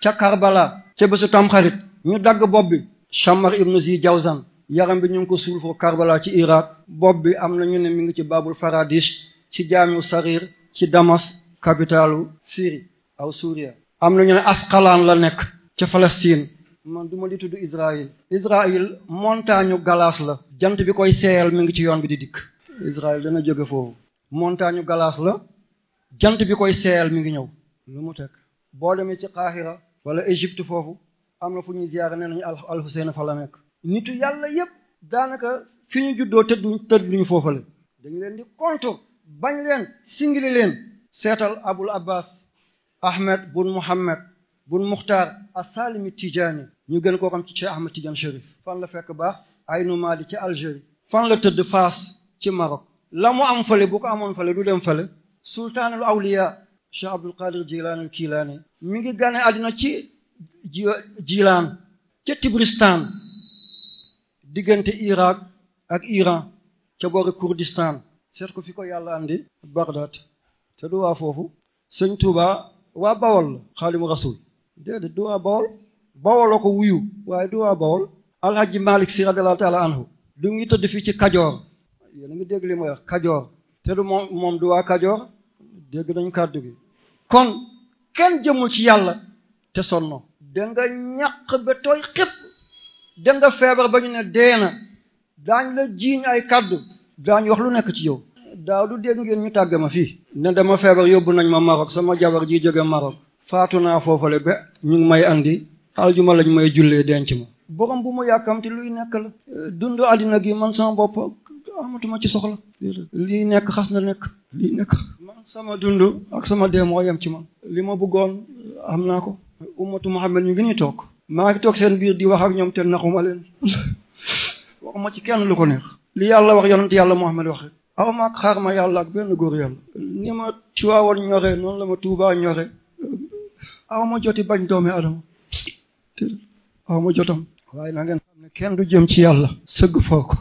Speaker 1: ca karbala ca bésu tamxarit ñu dagg bopp bi chamar ibnu zi jawzan yaram bi ñu ngi ko suul foofu Karbala ci Irak bopp bi am na ñu ne mu ngi ci Babul Faradish ci jaamiu sariir ci Damas capitalu Syrie aw Suria am na ñu ne Asqalaan la nekk ca Palestine man du ma di tudd Israël Israël montagne glace la jant bi koy seeyal mi ngi ci yoon bi di dikk Israël dana jóge foofu montagne glace la jant bi koy seeyal mi ngi ñëw lu mu teg boo demee ci Qahira wala Égypte foofu am na fu ñuy ziyaare nee nañu al Al Hussein fa la nekk nitu yàlla yépp daanaka fi ñu juddoo tëddu tëdduñu foofa la dañu leen di contre bañ leen singili leen seetal abul abbas ahmed bun muhammad bun muxtaar asalimi tijaani ñu gën koo xam ci cheikh ahmed tidiane chérif fan la fekk baax ay aynu mali ci algérie fan la tëdd faas ci maroc la mu am fale bu ko amoon fale du dem fale sultaanul awliya cheikh abdul qadir jilaan al kiilaani mi ngi gane àddina ci jilaan ca tibristan diggante Irak ak Iran ca boori Kurdistan seet ko fi ko yàlla andi Bagdad te du waa foofu sëñ Touba waa Bawol la xaalimu rasul déedéet du waa Bawol Bawol ko wuyu waaye du waa Bawol alhaji Malick si radiyallahu taala anhu du ngi tëdd fii ci Kajoor yéen a ngi dégg li ma Kajoor te du moom moom du waa Kajoor dégg nañ kàddu gi kon kenn jëmul ci yàlla te sonno da nga ñàq tooy xépp dem nga feebar ba ñu ne dee na daañ la jiiñ ay kàddu daañ wax lu nekk ci yow daaw du dégg ngeen ñu tàgg ma fii ne dama feebar yóbbu nañ ma Maroc sama jabar ji jóge Maroc faatu naa foofale ba ñu ngi may andi aljuma lañu may jullee denc ma borom bu mu yàkkamti luy nekk la dund àddina gi man sama bopp amatuma ci soxla lii nekk xas na nekk lii nekk man sama dund ak sama dee moo yem ci man li ma bëggoon am naa ko ummatu Muhammad ñu ngi ñu toog maa ngi toog seen biir di wax ak ñoom te naxuma leen waxuma ci kenn lu ko neex li yàlla wax yonent yàlla Muhammad wax rek aw maag xaar ma yàlla ak benn góor yàlla ni ma Tiwaawoon ñore noonu la ma Tuubaa ñore aw joti bañ doomi adama aw ma jotam waaye na ngeen xam ne kenn du jëm ci yàlla sëgg foo ko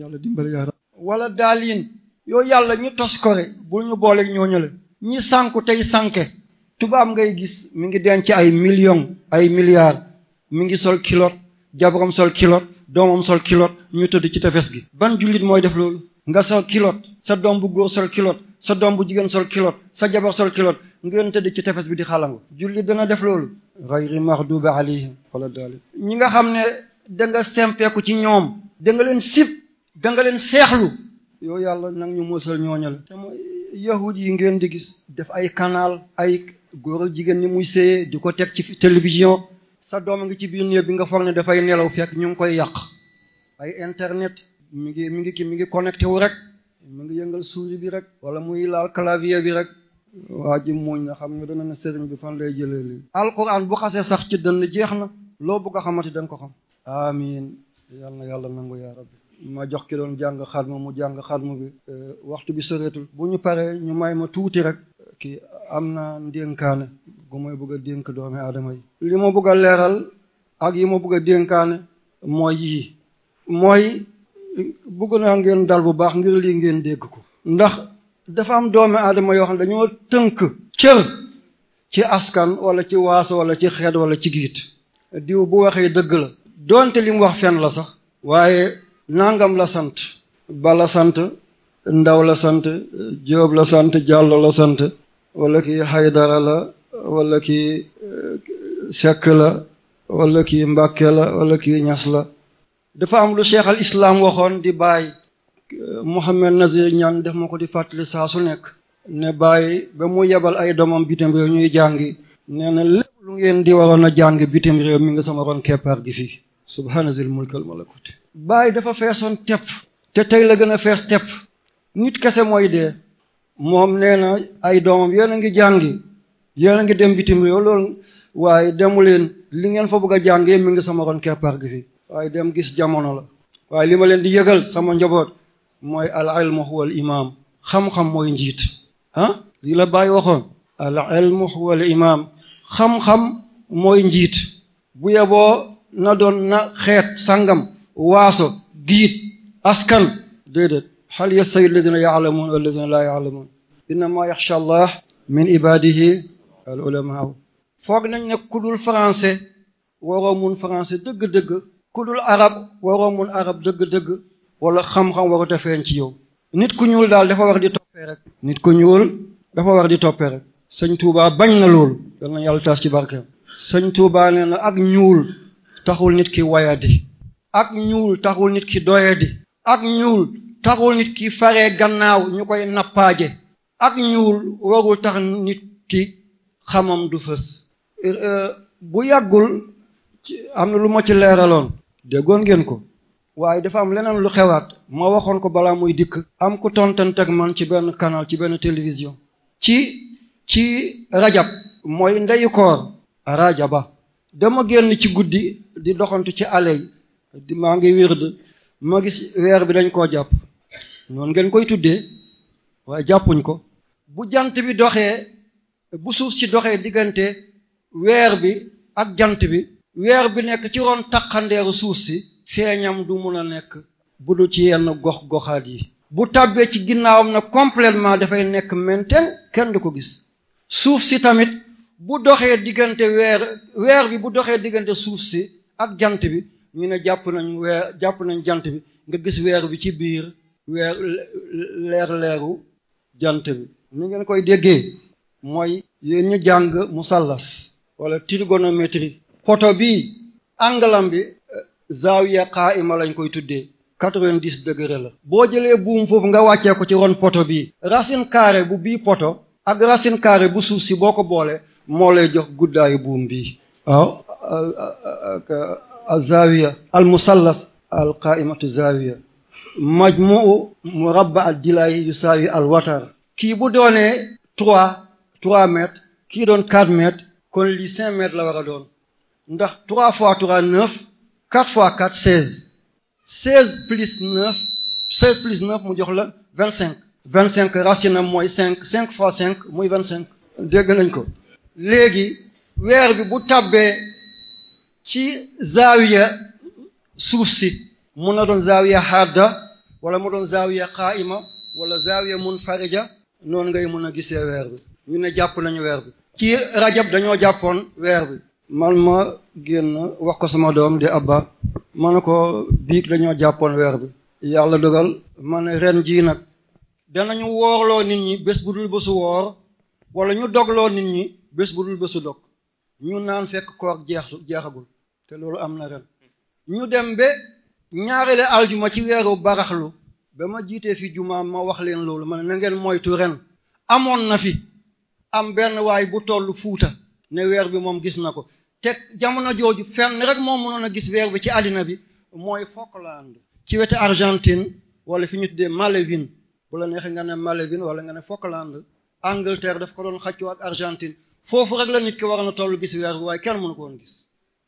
Speaker 1: yàlla dimbali yaara wala daaliin yoo yàlla ñu tos kore bul ñu boole ñooñu le ñi sànku tey sànke tubaab ngay gis mi ngi denc ay millions ay milliards mi ngi sol kilot jabaram sol kilot doomam sol kilot ñu tëdd ci tefes gi ban jullit mooy def loolu nga sol kilot sa doom bu góor sol kilot sa doom bu jigéen sol kilot sa jabar sol kilot ngeen tëdd ci tefes bi di xalangu jullit dana def loolu ghayri maghdubi alayhim wala daali ñi nga xam ne da nga sempeeku ci ñoom da leen sib da leen seexlu yooyu yàlla nag ñu musal ñooña la te mooy yahud yi ngeen di gis def ay canal ay góor ak jigéen ñi muy séyee di ko teg ci télévision sa doom a ngi ci biir néeg bi nga foog ne dafay nelaw fekk ñu ngi koy yàq ay internet mi ngi mi ngi ki mi ngi connecté wu rek mu ngi yëngal souris bi rek wala muy laal clavier bi rek waa ji muñ na xam nga dana ne sëriñ bi fan lay jëlee li alquran bu xasee sax ci dënn jeex na loo bëgg a xamante da ko xam amin yal na yàlla nangu yaa rabbi ma jox ki doon jàng xatma mu jàng xatma bi eh, waxtu bi soreetul bu ñu paree ñu may ma tuuti rek ki am na ndénkaane gu may bëgg a dénk doomi aadama yi li ma bëgg a leeral ak yi ma bëgg a dénkaane mooy yii mooy bëgg naa ngeen dal bu baax ngir lii ngeen dégg ko ndax dafa am doomi aadama yoo xam ne dañoo tënk cër ci askan wala ci waaso wala ci xeet wala ci giit diw bu waxee dëgg la doonte li wax fen la sax waaye nangam la sant bala sant ndaw la sant jóob la sant jàllo la sant wala ki Haydara la walla ki eh, Seck la wala ki Mbàkke la wala ki Ñas la dafa am lu cheikh islaam waxoon di bàyyi eh, Mouhamed Nazir Niane def ma ko di fàttali saa su nekk ne bàyyi ba mu yebal ay doomam bitim réew ñuy jàngi nee na lépp lu ngeen di waroon a jàng bitim réew mi nga sama ron keppaar gi fii subhaana zil mulkal malakut bàyyi dafa feesoon tepp te tey la gën a fees tepp nit kese mooy dee moom nee na ay doomam yéen a ngi jàngi yéen a ngi dem bitim réew loolu waaye demu leen li ngeen fa bëgg a jàngee mi ngi sama ron keppaar gi fi waaye dem gis jamono la waaye li ma leen di yëgal sama njaboot mooy al ilmu huwa al imaam xam-xam mooy njiit ah lii la bàyyi waxoon al ilmu huwa al imaam xam-xam mooy njiit bu yeboo na doon na xeet sangam waaso giit askan déedéet hal yastawi alladhina ya'lamun walladhina la ya'lamun innama allah min ibadihi al ulama foog nañ ne ku dul français waroo mun français dëgg-dëgg ku dul arab waroo mun arab dëgg-dëgg wala xam-xam warut a ci yow nit ku ñuul daal dafa war di toppee rek nit ku ñuul dafa war di toppee rek sëñ Touba bañ na loolu yal na yàlla taas ci barkeem sëñ Touba nee na ak ñuul taxul nit ki wayadi ak ñuul taxul nit ki doyadi ak ñuul taxul nit ki fare gannaaw ñu koy nappaaje ak ñuul warul tax nit ki xamam du fës euh, bu yàggul am na lu ma ci leeraloon déggoon ngeen ko waaye dafa am leneen lu xewaat ma waxoon ko balaa muy dikk am ku tontanteeg man ci benn canal ci benn télévision ci ci rajab mooy ndeyu koor rajaba dama génn ci guddi di doxantu ci alley maa ngi wird ma gis weer bi dañ koo jàpp noonu ngeen koy tuddee waaye jàppuñ ko bu jant bi doxee bu suuf si doxee diggante weer bi ak jant bi weer bi nekk ci ron taqandeeru suuf si feeñam du mun a nekk bu dul ci yenn gox goxaat yi bu tàbbee ci ginnaawam na complètement dafay nekk menten kenn du ko gis suuf si tamit bu doxee diggante weer weer bi bu doxee diggante suuf si ak jant bi ñu ne jàpp nañ weer jàpp nañ jant bi nga gis weer bi ci biir weer leer leeru jant bi ni ngeen koy déggee mooy yéen ñu jàng musallas wala trigonométrie poto bi angalam bi euh, zaawiya qaa'ima lañ koy tuddee quatre-vingt-dix la boo jëlee buum foofu nga wàccee ko ci ron poto bii racine carrée bu bii poto ak racine carrée bu suuf si boo ko boole moo lay jox guddaayu buum bii waaw ah, euh, euh, zaawiya al musallas al qaa'imatu zaawiya majmuu murabba al dilaayi yusaawi al watar kii bu doonee trois trois mètres kii doon quatre mètres kon li cinq la war a doon ndax trois fois trois neuf fois quatre seize seize plus neuf seize plus mu jox la vingt cinq vingt cinq racine mooy cinq cinq fois cinq mooy vingt cinq dégg nañ ko léegi weer bi bu tàbbee ci zaawiya suuf si mun na doon zaawiya hadda wala mu doon zaawiya qaa'ima wala zaawiya munfarija noonu ngay mun a gisee weer bi ñu ne jàpp nañu weer bi ci rajab dañoo jàppoon weer bi man ma génn wax ko sama doom di abba ma ne ko biig dañoo jàppoon weer bi yàlla dogal ma ne ren jii nag danañu woorloo nit ñi bés bu dul bésu woor wala ñu dogloo nit ñi bés bu dul bésu dog ñu naan fekk koor jeex jeexagul te loolu am na ren ñu dem be ñaareele aljuma ci weeru baraxlu ba ma jiitee fi jumaam ma wax leen loolu ma ne na ngeen moytu ren amoon na fi am benn waay bu toll fuuta ne weer bi moom gis na ko te jamono jooju fenn rek moom mënoon a gis weer bi ci àddina bi mooy Falkland ci wetu Argentine wala fi ñu tuddee Malévin bu la neexee nga ne Malévin wala nga ne Falkland Angleterre daf ko doon xaccoo ak Argentine foofu rek la nit ki war na toll gis weer bi waaye kenn mënu ko woon gis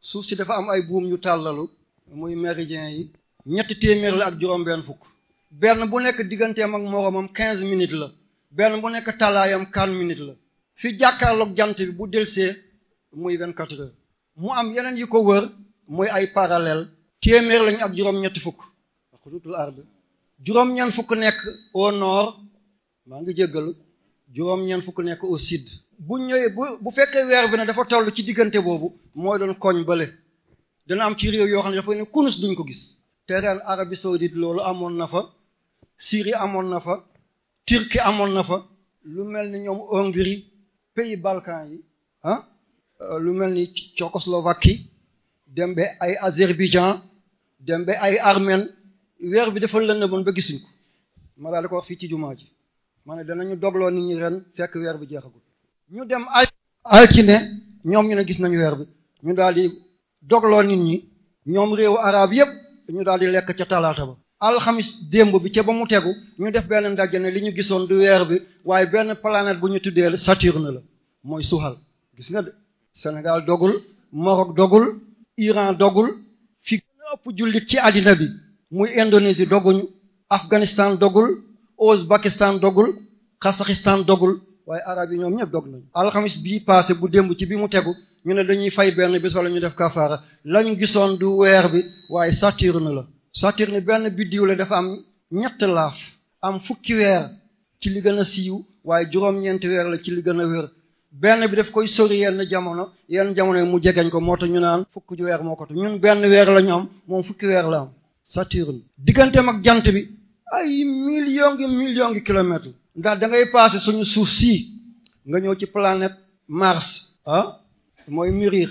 Speaker 1: suuf si dafa am ay buum ñu tàllalu muy méridien yi ñett téeméer la ak juróom benn fukk benn bu nekk digganteem ak moroomam quinze minutes la benn bu nekk talaayam quatre minutes la fi jàkkaarloog jant bi bu delsee muy vingt quatre heures mu am yeneen yi ko wër muy ay parallèle téeméer lañu ak juróom ñetti fukk xudutul ard juróom-ñeent fukk nekk au nord maa ngi jéggalu juróom-ñeent fukk nekk au sud bu ñëwee bu bu fekkee weer bi ne dafa toll ci diggante boobu mooy doon koñ bële dana am ci réew yoo xam ne dafa ne kunus duñ ko gis te ren Arabie loolu amoon na fa Syrie amoon na fa Turquie amoon na fa lu mel ni ñoom Hongrie pays Balkan yi ah euh, lu mel ni Tchécoslovaquie dem ba ay Azerbaïdjan dem ba ay Armène weer bi dafa lëndëmoon ba gisuñ ko ma daal di ko wax fii ci jumaa ji ma ne ñu dogloo nit ñi ren fekk weer bi jeexagul ñu dem ay altine ñoom ñu ne gis nañu weer bi ñu daal dogloo nit ñi ñoom réewu araab yépp ñu daal di lekk ca talaata ba alxamis démb bi ca ba mu tegu ñu def benn ndaje ne li ñu gisoon du weer bi waaye benn planète bu ñu tuddee Saturne la mooy suuxal gis nga de Sénégal dogul Maroc dogul Iran dogul fi gën a ëpp jullit ci àddina bi muy Indonésie doguñu Afghanistan dogul Ouzbakistan dogul Kazakhstan dogul waaye araab yi ñoom ñëpp dog nañu alxamis bii passé bu démb ci bi mu tegu ñu ne dañuy fay benn bi wala ñu def kafaara lañu gisoon du weer bi waaye Saturne la Saturne benn biddiw la dafa am ñett laaf am fukki weer ci li gën a siiw waaye juróom-ñeenti weer la ci li gën a wér benn bi daf koy sori yenn jamono yenn jamono yi mu jegeñ ko moo tax ñu naan fukki weer moo ko tax ñun benn weer la ñu am moom fukki weer la am Saturne diggante mag jant bi ay millions ngi million ngi kilomètres ndax da ngay suñu suuf si nga ñëw ci planète Mars ah mooy murir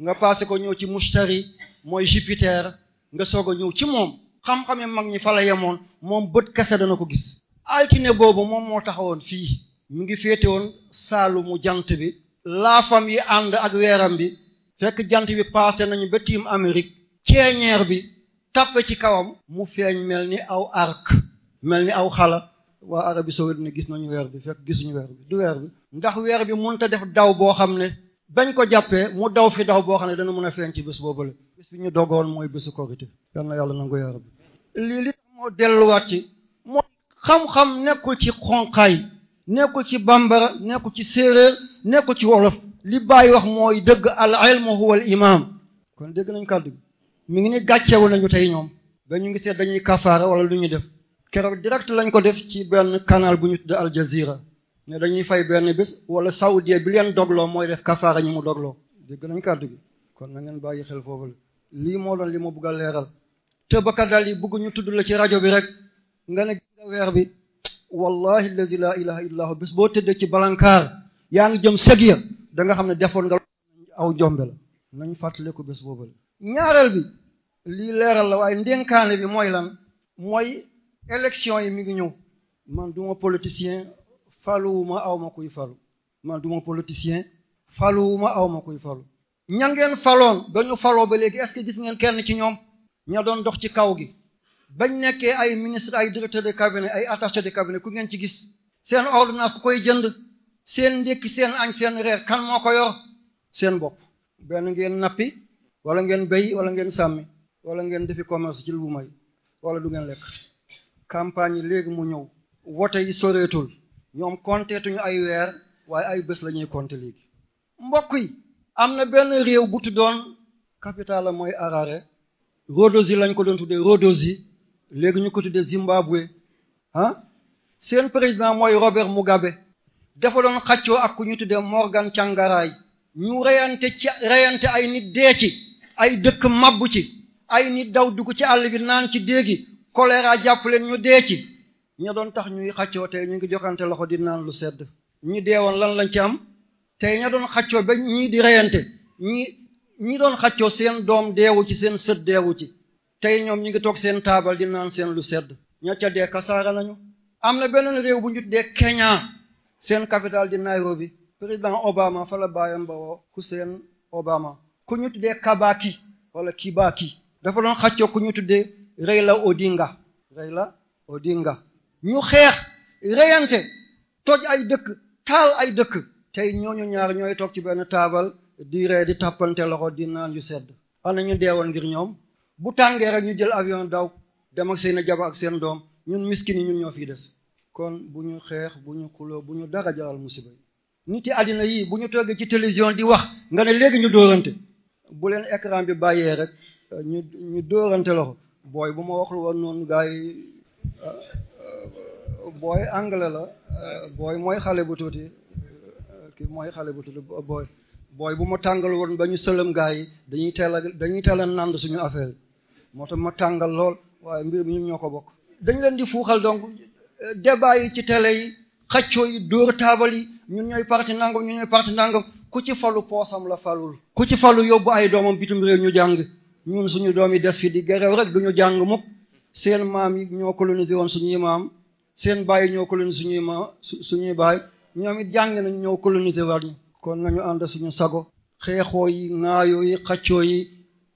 Speaker 1: nga passé ko ñëw ci mustari mooy Jupiter nga soog a ñëw ci moom xam-xame mag ñi fa la yemoon moom bët kese dana ko gis altine boobu moom moo taxawoon fii mu ngi féete woon saalu mu jant bi laafam yi ànd ak weeram bi fekk jant bi passé nañu ba tiim Amérique ceeñeer bi tàppe ci kawam mu feeñ mel ni aw arc mel ni aw xala waa Arabie soo ne gis nañu weer bi fekk gisuñu weer bi du weer bi ndax weer bi mënut a def daw boo xam ne bañ ko jàppee mu daw fi daw boo xam ne dana mën a feeñ ci bés boobale bés bi ñu dogoon mooy bésu korite yal na yàlla nangu yaa rabbi lii li moo delluwaat ci mooy xam-xam nekkul ci xonqaay nekkul ci bambara nekkul ci séeréer nekkul ci wolof li bàyyi wax mooy dëgg al ilmu huwa al imaam kon dégg nañ kàddu gi mi ngi ni gàccewu nañu tey ñoom ba ñu ngi seet dañuy kafaara wala lu ñuy def keroog direct lañ ko def ci benn kanaal bu ñu tudd al jazeera ne dañuy fay benn bés wala saoudia bi leen dogloo mooy def kafaara ñi mu dogloo dégg nañ kàddu bi kon na ngeen bàyyi xel foofu la lii moo doon li ma bëgg a leeral te baka dal yi bëgg ñu tudd la ci rajo bi rek nga ne nga weer bi wallahi alladi laa ilaha illa hu bés boo tëddee ci balankaar yaa ngi jëm seg ya da nga xam ne defoon nga aw jombe la nañ ko bés boobu la ñaareel bi lii leeral la waaye ndénkaane bi mooy lan mooy élection yi mi ngi ñëw man faluwuma aw ma kuy falu ma du ma politicien faluwuma aw ma kuy falu ña ngeen faloon ba ñu faloo ba léegi est-ce que gis ngeen kenn ci ñoom ña doon dox ci kaw gi bañ nekkee ay ministre ay directeur de cabinet ay attace de cabinet ku ngeen ci gis seen ordonnance ku koy jënd seen ndékki seen añ seen reer kan moo ko yor seen bopp benn ngeen nappi wala ngeen béy wala ngeen sàmmi wala ngeen defi commerce ci lu may wala du ngeen lekk campagne yi léegi mu ñëw wote yi ñoom konteetuñu ay weer waaye ay bés la ñuy compter léegi mbokk yi am na benn réew bu doon capitale la mooy Harare Rhodesie lañ ko doon tuddee Rhodesie léegi ñu ko tuddee Zimbabwe ah seen président mooy Robert Mugabe dafa doon xaccoo ak ku ñu tuddee Morgan Tsvangirai ñu reyante ci reyante ay nit dee ay dëkk mabbu ci ay nit daw dugg ci àll bi naan ci déegi choléra jàpp leen ñu dee ña doon tax ñuy xaccoo tey ñu ngi joxante loxo di naan lu sedd ñu deewoon lan lañ ci am tey ña doon xaccoo ba ñii di reyante ñii ñi doon xaccoo seen doom deewu ci seen sët deewu ci tey ñoom ñu ngi toog seen taabal di naan seen lu sedd ña ca dee kasaara nañu am na beneen réew bu ñu tuddee Kenya seen capitale di Nairobi président Obama fa la bàyyam ba woo Hussein Obama ku ñu tuddee Kabaki wala Kibaki dafa doon xaccoo ku ñu tuddee rey Raila Odinga Raila Odinga ñu xeex reyante toj ay dëkk taal ay dëkk tey ñooñu ñaar ñooy toog ci benn taabal di ree di tàppante loxo di naan yu sedd ana ñu deewoon ngir ñoom bu tàngee rek ñu jël avion daw dem ak seen jaba ak seen doom ñun miskin yi ñun ñoo fii des kon bu ñu xeex bu ñu xuloo bu ñu dara jaral musiba yi nit yi àddina yi bu ñu toggee ci télévision di wax nga ne léegi ñu dóorante bu leen écran bi bàyyee rek ñu ñu dóorante loxo booy bu ma waxul woon noonu gars yi booy anglais la euh, booy mooy xale bu tuuti euh, kii mooy xale bu tuuti booy booy bu ma tàngal woon ba ñu sëlëm gaa yi dañuy teel a dañuy teel a nand suñu affaire moo tax ma tàngal lool waaye mbir mi ñu ñoo ko bokk. dañ leen di fuuxal donc euh, débat yi ci télé yi xaccoo dóor taabal yi ñun ñooy parti nangam ñu ñooy parti nangam ku ci falu poosam la falul. ku ci falu yóbbu ay doomam bitum réew ñu jàng ñun suñu doom yi des fii di gerew rek du jàng mukk seen maam yi ñoo colonisé woon suñuy maam. seen bàyyi ñoo colonisé suñuy ma suñuy baay ñoom it jàng nañ ñëw colonisé war ñu kon nañu ànd suñu sago xeexoo yi ŋaayoo yi xaccoo yi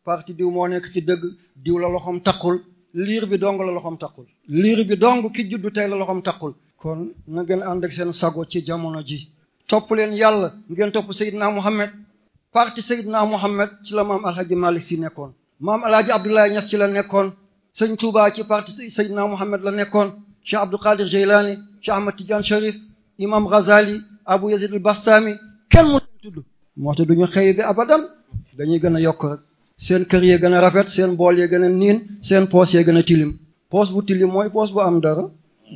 Speaker 1: parti diw moo nekk ci dëgg diw la loxoom taqul liir bi dong la loxoom taqul liir bi dong ki juddu tey la loxoom taqul kon na ngeen ànd ak seen sago ci jamono ji topp leen yàlla ngeen topp Seydina Mohamed parti Seydina Mohamed ci la maam alhaji Malick si nekkoon maam alhaji Abdoulaye Niass ci la nekkoon sëñ Touba ci parti Seydina la nekkoon Cheikh Abdulqadir Jeylani Cheikh Ahmad Tidiane Sharif imam Ghazali Abu Yazid al-Bastami kenn mu tudd moo tax ñu xëy bi abadan dañuy gën a yokk rek seen kër yee gën a rafet seen bool yee gën a niin seen poos yee gën a tilim poos bu tilim mooy poos bu am dara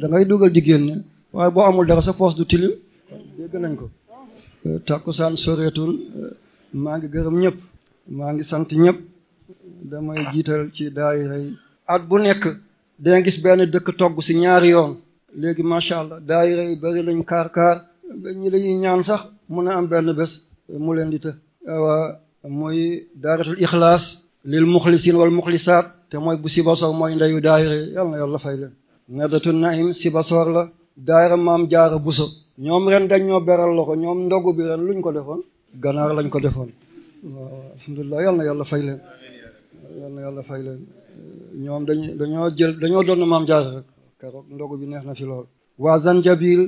Speaker 1: da ngay dugal di génne waaye boo amul dara sa poos du tilim dégg nañ ko takkusaan soreetul maa ngi gërëm ñëpp maa ngi sant ñëpp damay jiital ci daayira yi at bu nekk danga gis benn dëkk togg si ñaari yoon léegi macha allah daayira yi bari lañ kaar kaar ñi lañuy ñaan sax mën a am benn bés mu leen di të wa mooy daaratul ixlaas lil muxlisiin wal muxlisaat te mooy bu sibasoor mooy ndeyu daayira yi yàlla na yàlla fay leen nadatu naim sibasoor la daayira maam jaara buso ñoom ren dañ ñoo beral loxo ñoom ndogu bi ren luñ ko defoon ganaar lañ ko defoon waaw alhamdulilah yàlla na yàlla fay leen yàlla na yàlla ñoom dañu dañoo jël dañoo doon maam jaara rek keroog ndogu bi neex na fi lool waa zanjabil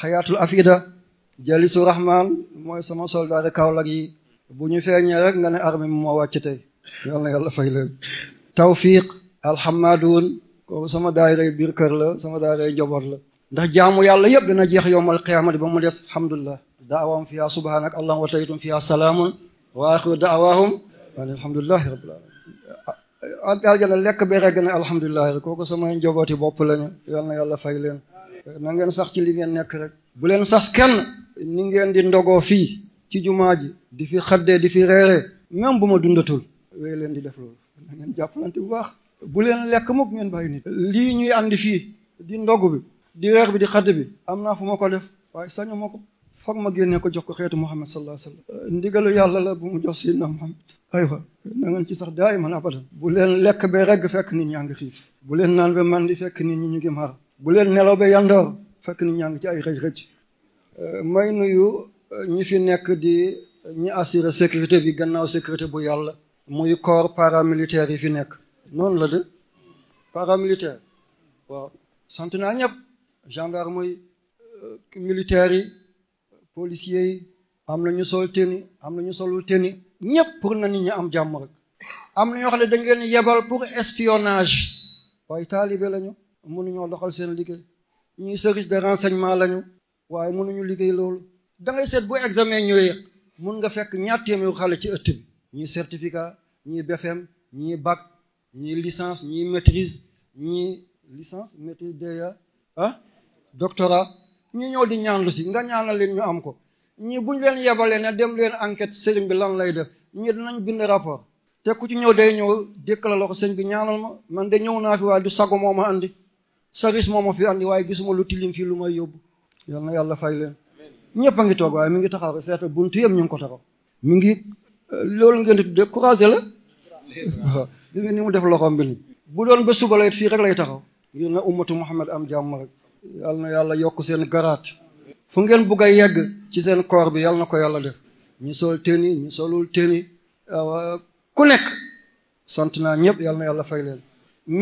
Speaker 1: xayaatu afida jalisu rahman mooy sama soldaare Kaolack yi bu ñu feeñee rek nga ne armée moo wàcc tey yal na yàlla fay leen tawfiq alhamadun kooku sama daayira biir kër la sama daayira njaboot la ndax jaamu yàlla yëpp dana jeex yowmal qiyaamati ba mu des alhamdulillah daawahum fiha subhanak allahumma wa tayitum fiha wa axiru daawahum an alhamdulillahi rabbil alamin aljana lekk be rek ne alhamdulilah rek kooku samay njabooti bopp lañu yal na yàlla fay leen na ngeen sax ci li ngeen nekk rek bu leen sax kenn ni ngeen di ndogoo fii ci jumaa ji di fi xaddee di fi reeree même bu ma dundatul wéy leen di def loolu na ngeen jàppalante bu baax bu leen lekk mukk ngeen bàyyi nit lii ñuy andi fii di ndog bi di reer bi di xadd bi am naa fu ma ko def waaye sañu ma ko foog ma génne ko jox ko xeetu Muhammad sallallahu alayhi ndigalu yàlla la bu mu jox Seydina Muhammad aywa na ngeen ci sax daay man abadan bu leen lekk ba regg fekk nit ñaa ngi fi bu leen naan ba mandi fekk ni ñu ñu ngi mar bu leen nelaw ba yandoor fekk nit ñaa ngi ci ay rëj rëj euh, may nuyu euh, ñi fi nekk di ñi assurer sécurité bi gannaaw sécurité bu yàlla muy corps paramilitaire yi fi nekk noonu la de paramilitaire waaw sant naa ñëpp gendarme yi euh, militaires yi policiers yi am na ñu sol tenue am na ñu solul tenue ñëpp pour na nit ñi am jàmm rek am na ñoo xam ne dañ leen yebal pour espionnage waaye taalibe lañu mënuñoo doxal seen liggéey ñuy service de renseignement lañu waaye mënuñu liggéey loolu da ngay seet bu examen ñëwee mun nga fekk ñaar téeméeru xale ci ëtt bi ñii certificat ñii BFM ñii bac ñii licence ñii maîtrise ñii licence maîtrise DEA ah doctorat ñu ñëw di ñaanlu si nga ñaanal leen ñu am ko ñii bu ñu leen yebalee ne dem leen enquête sëriñ bi lan lay def ñi dinañ bind rapport te ku ci ñëw day ñëw dékkala loxo sëñ bi ñaanal ma man de ñëw naa fi waaye du sago moo ma andi service moo ma fi andi waaye gisuma lu tilim fii lu may yóbbu yal na yàlla fay leen ñëpp ngi toog waaye mi ngi taxaw seeta buntu yëpp ñu ngi ko taxaw mi ngi loolu ngeen di tuddee courage la li ngeen ni mu def loxoom bi bu doon ba suba fii rek lay taxaw ngir na ummatu Muhammad am jàmm rek yal na yàlla yokk seen garaat fu ngeen bugg a yegg ci seen koor bi yàlla na ko yàlla def ñu sol teni ñu solul teni ku nekk sant naa ñëpp yal yàlla fay leen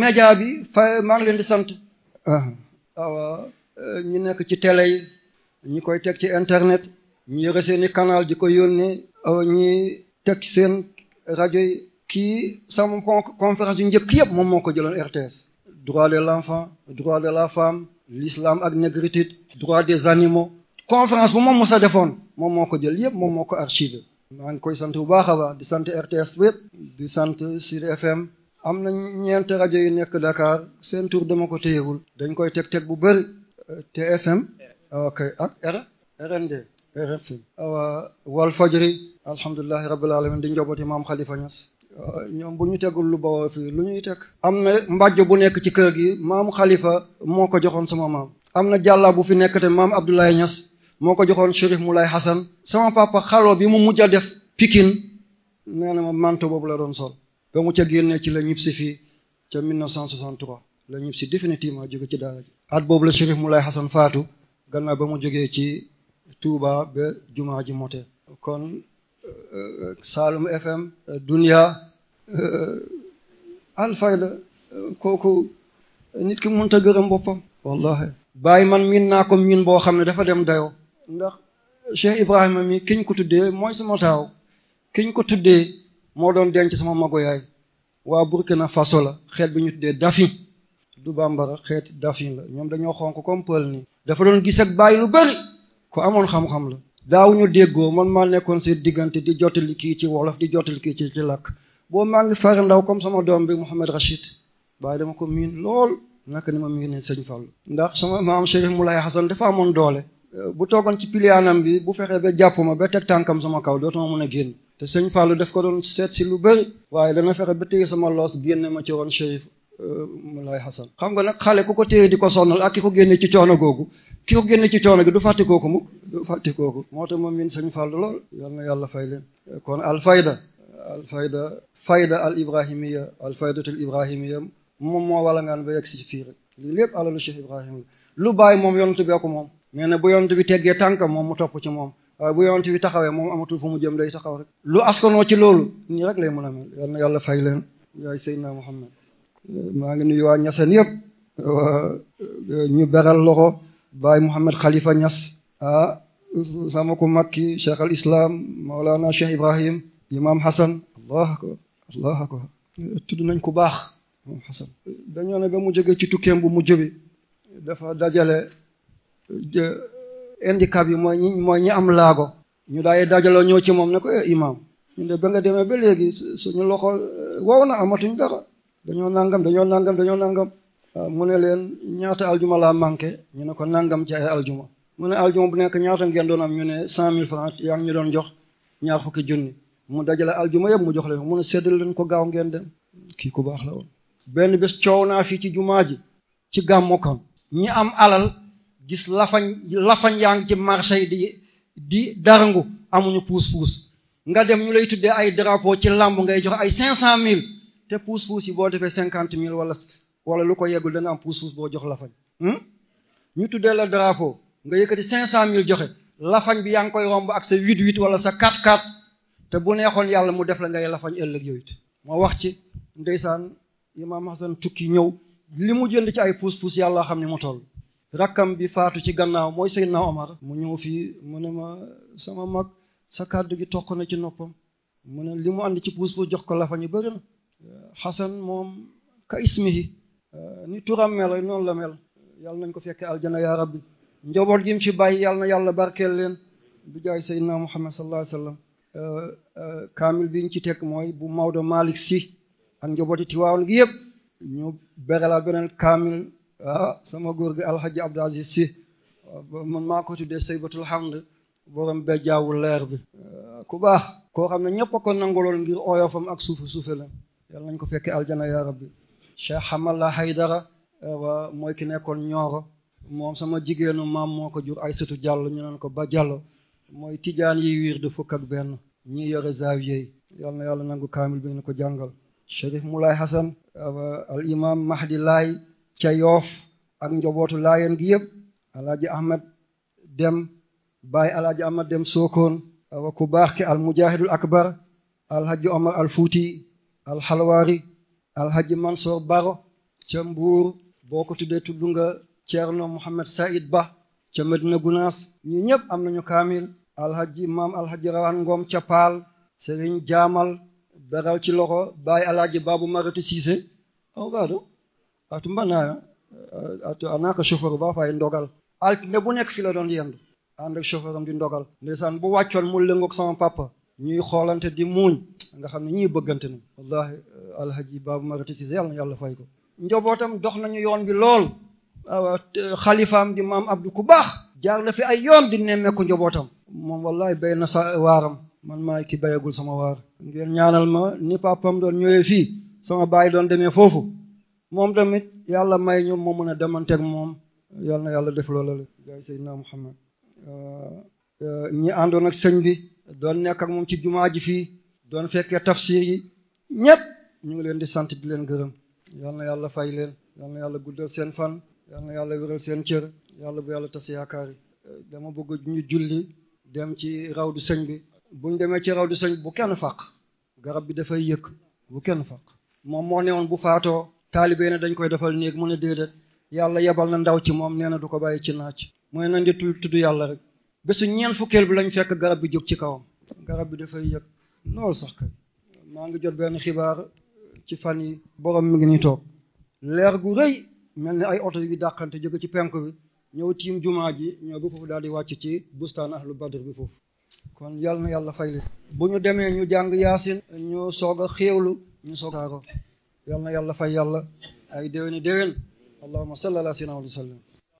Speaker 1: média bi fay maa leen di sant ah. waaw nekk ci télé yi ñi koy teg ci internet ñu yore seeni canal di ko yónnee ñi teg seen rajo yi kii sama conférence yu njëkk yëpp moom moo ko jëloon RTS droit de l'enfant droit de la femme l'islam ak négritude droit des animaux conférence bu moom Moussa defoon moom moo ko jël yëpp moom moo ko archivé maa ngi koy sant bu baax a baax di sant RTS wépp di sant Sud FM am na ñeent rajo yu nekk Dakar seen tur dama ko téyewul dañ koy teg teg bu te euh, TFM ok ak R RND RFM awa Walfajri alhamdulillahi la alamin di njabooti maam Khalifa Niass ñoom bu ñu tegul lu bawoo fii lu ñuy teg am na mbàjj bu nekk ci kër gi maam xalifa moo ko joxoon sama maam am na jàllaa bu fi nekk te maam Abdoulaye ñas moo ko joxoon mu Moulay Hassan sama papa xaloo bi mu mujj a def pikin nee na ma manto boobu la doon sol ba mu ca génne ci la ñib si fii ca 1963 la ñib si définitivement jóge ci daara ji at boobu la mu lay Hassan faatu gannaaw ba mu jógee ci Touba ba jumaa ji mote Saalum FM Dunia euh, Alfayda euh, kooku nit ki mënut a gërëm boppam wallahi bàyyi man miin naa ko miin boo xam ne dafa dem dayoo ndax Cheikh Ibrahima mi kiñ ko tuddee mooy suma taaw kiñ ko tuddee moo doon denc sama mago yaay waa Burkina Faso la xeet bi ñu tuddee Dafi du bambara xeeti Dafi la ñoom dañoo xonq comme pël nii dafa doon gis ak bàyyi lu bari ko amoon xam-xam la daaw ñu déggoo man maa nekkoon seen diggante di jottali kii ci wolof di jottali kii ci ci làkk boo maa ngi fare ndaw comme sama doom bi Mouhamed Rachid bàyyi dama ko miin lool naka ni ma miinee sëñ Fall ndax sama maam Chérif Moulay Hassan dafa amoon doole bu toogoon ci piliyaanam bi bu fexee ba jàpp ma ba teg tànkam sama kaw dootuma mën a génn te sëñ Fallou daf ko doon seet si lu bëri waaye dana fexe ba téye sama loos génne ma ci woon Chérif euh, Moulay Hassan xam nga nag xale ku ko téye di ko sonnal ak ko génne ci coono googu ki ko génne ci coono gi du fàtte kooku mukk du fàtte kooku moo tax moom min sañ fàllu lool yal na yàlla fay leen kon alfayda alfayda fayda al ibrahimiya alfaydatul ibrahimiya moom moo wala ngaan ba yegg si fii rek lii lépp alalu Cheikh Ibrahima lu bàyyi moom yonent bi ko moom nee na bu yonent bi teggee tànkam moom mu topp ci moom waaye bu yonent bi taxawee moom amatul fu mu jëm day taxaw rek lu askanoo ci loolu nii rek lay mën a mel yal na yàlla fay leen yaay Seydina Muhammad maa ngi nuyu waa Ñaseen yëpp ñu beral loxo Baay Mouhamed Khalifa ñas ah sama ko makki Cheikh al Islam Maulana Cheikh Ibrahim Imam Hassan allah akbar allah akbar tudd nañ ku baax Imam Hassan dañoo ne ga mu jóge ci tukkeem bu mujj bi dafa dajale handicap yi mooy ñi am laago ñu daay dajaloo ñëw ci moom na ko eh imam ñu de ba demee ba léegi suñu loxo eh, wow na amatuñ dara dañoo nangam dañoo nangam dañoo nangam Ah, mu ne leen ñaata aljuma laa manqué ñu ne ko nangam ci ay aljuma mu ne aljuma bu nekk ñaata ngeen doon am ñu ne cent mille francs yaa ngi doon jox ñaar fukki junni mu dajale aljuma yëpp mu jox leen mu ne séddale leen ko gaaw ngeen dem kii ku baax la woon benn bés coow naa fii ci jumaa ji ci gàmmukan ñi am alal gis lafañ lafañ yaa ngi ci marché yi di di darangu amuñu puus-puus nga dem ñu lay tuddee ay drapeau ci làmb ngay jox ay cinq cent mille te puus-puus yi boo defee cinquante mille wala wala lu ko yeggul da am puus-puus boo jox lafañ hmm? ñu tuddee la drapeau nga yëkkati cinq cent mille joxe lafañ bi yaa ngi koy romb ak sa huit huit wala sa quatre quatre te bu neexoon yàlla mu def la ngay lafañ ëllëg yooyu it moo wax ci ndeysaan yi ma imaam Hasan tukki ñëw li mu jënd ci ay puus-puus yàlla xam ne mu toll rakkam bi faatu ci gannaaw mooy Seydina Omar mu ñëw fii mu ne ma sama mag sa kàddu gi toq na ci noppam mu ne li mu ànd ci puus-puus jox ko lafañ yu bëri na moom ka Euh, ni turam mel noonu la mel yàlla nañ ko fekke aljana ya rabbi njaboot gi mu ci bàyyi yàlla na yàlla barkeel leen bi jaay sayyidina muhammad sallallahu alayhi wasallam euh, euh, kaamil bi ñu ci teg mooy bu Maodo Malick si ak njabooti Tiwaawan gi yëpp ñu beralal beneen kaamil ah sama góor gi alhaji Abdou Aziz Sy man maa ko tuddee saybatul hamd borom be jaawu leer bi ku baax koo xam ne ñëpp a ko nangolool ngir ooyofam ak suufu suufe la yàlla nañ ko fekke aljana ya rabbi Cheikh Hamala Haydara eh, mooy ki nekkoon Nioro moom sama jigéenu maam moo ko jur Aysatu Diallo ñu naan ko ba Diallo mooy tijaan yi wiir de fukk ak benn ñi yore zaawiya yi yal na yàlla nangu kaamil bi na ko jàngal Cherif Moulay Hassan eh, al imam Mahdi Laay ca Yoof ak njobootu Laayeen gi yëpp Alaaji Ahmed Dem Baay Alaaji Ahmed Dem Sokone eh, ku baax ki al mujahidul akbar al hajji Omar al Fuuti al Halwaari alhaji Mansour Baro ca Mbuur boo ko tuddee tudd nga Thierno Mohamed Saïd Ba ca Medina Gunaas ñi ñëpp am nañu kaamil alhaji maam alhaji Rawane ngoom ca Paal Jaamal beral ci loxo Baye alhaji Babu Maratu Cissé aw baado atu mbanaa euh, atu anaaka chauffeur ba fay ndogal altine bu nekk fi la doon yendu ànd ak chauffeur am di ndogal ndeysaan bu wàccoon mu lëngoog sama pappa ñuy xoolante di muuñ nga xam ne ñii bëggante na wallahi euh, alhaji baabu marati si yàlla na yàlla fay ko njobootam dox nañu yoon bi lool xalifaam di maam abdu ku baax jaar na fi ay yoon di nemmeeku njobootam moom wallahi bay na sa waaram man maa ki bayagul sama waar ngeen ñaanal ma ni papam doon ñëwee fii sama baay doon demee foofu moom tamit yàlla may ñu moo mën a demanteek moom yàlla na yàlla def loola la gaay seydina muhammad euh, euh, ñi àndoon ak sëñ bi doon nekk ak moom ci jumaa ji fii doon fekkee tafsir yi ñépp ñu ngi leen di sant di leen gërëm yal yàlla fay leen yal yàlla guddal seen fan yàlla wéral seen cër yàlla bu yàlla tas yaakaar yi dama bëgg ñu julli dem ci raw di sëñ bi buñ demee ci raw di sëñ bi bu kenn fàq garab bi dafay yëkk bu kenn fàq moom moo ne woon bu faatoo taalibe na dañ koy defal néeg mu ne déedéet yàlla yebal na ndaw ci moom nee na du ko bàyyi ci naaj mooy nañ di tudd yàlla rek bésu ñeent fukkeel bi lañu fekk garab bi jóg ci kawam garab bi dafay yëg loolu sax kay maa ngi jot benn xibaar ci fan yi borom mi ngi ni toog leer gu rëy mel ni ay oto yu dàqante jóge ci penk bi ñëw tiim jumaa ji ñëw bi foofu daal di wàcc ci bustaan ahlu badr bi foofu kon yàlla na yàlla fay li bu ñu demee ñu jàng yaasin ñu soog a xéewlu ñu soog aaro yàlla na yàlla fay yàlla ay déwéni déwén allahumma salli ala sayyidina wa sallam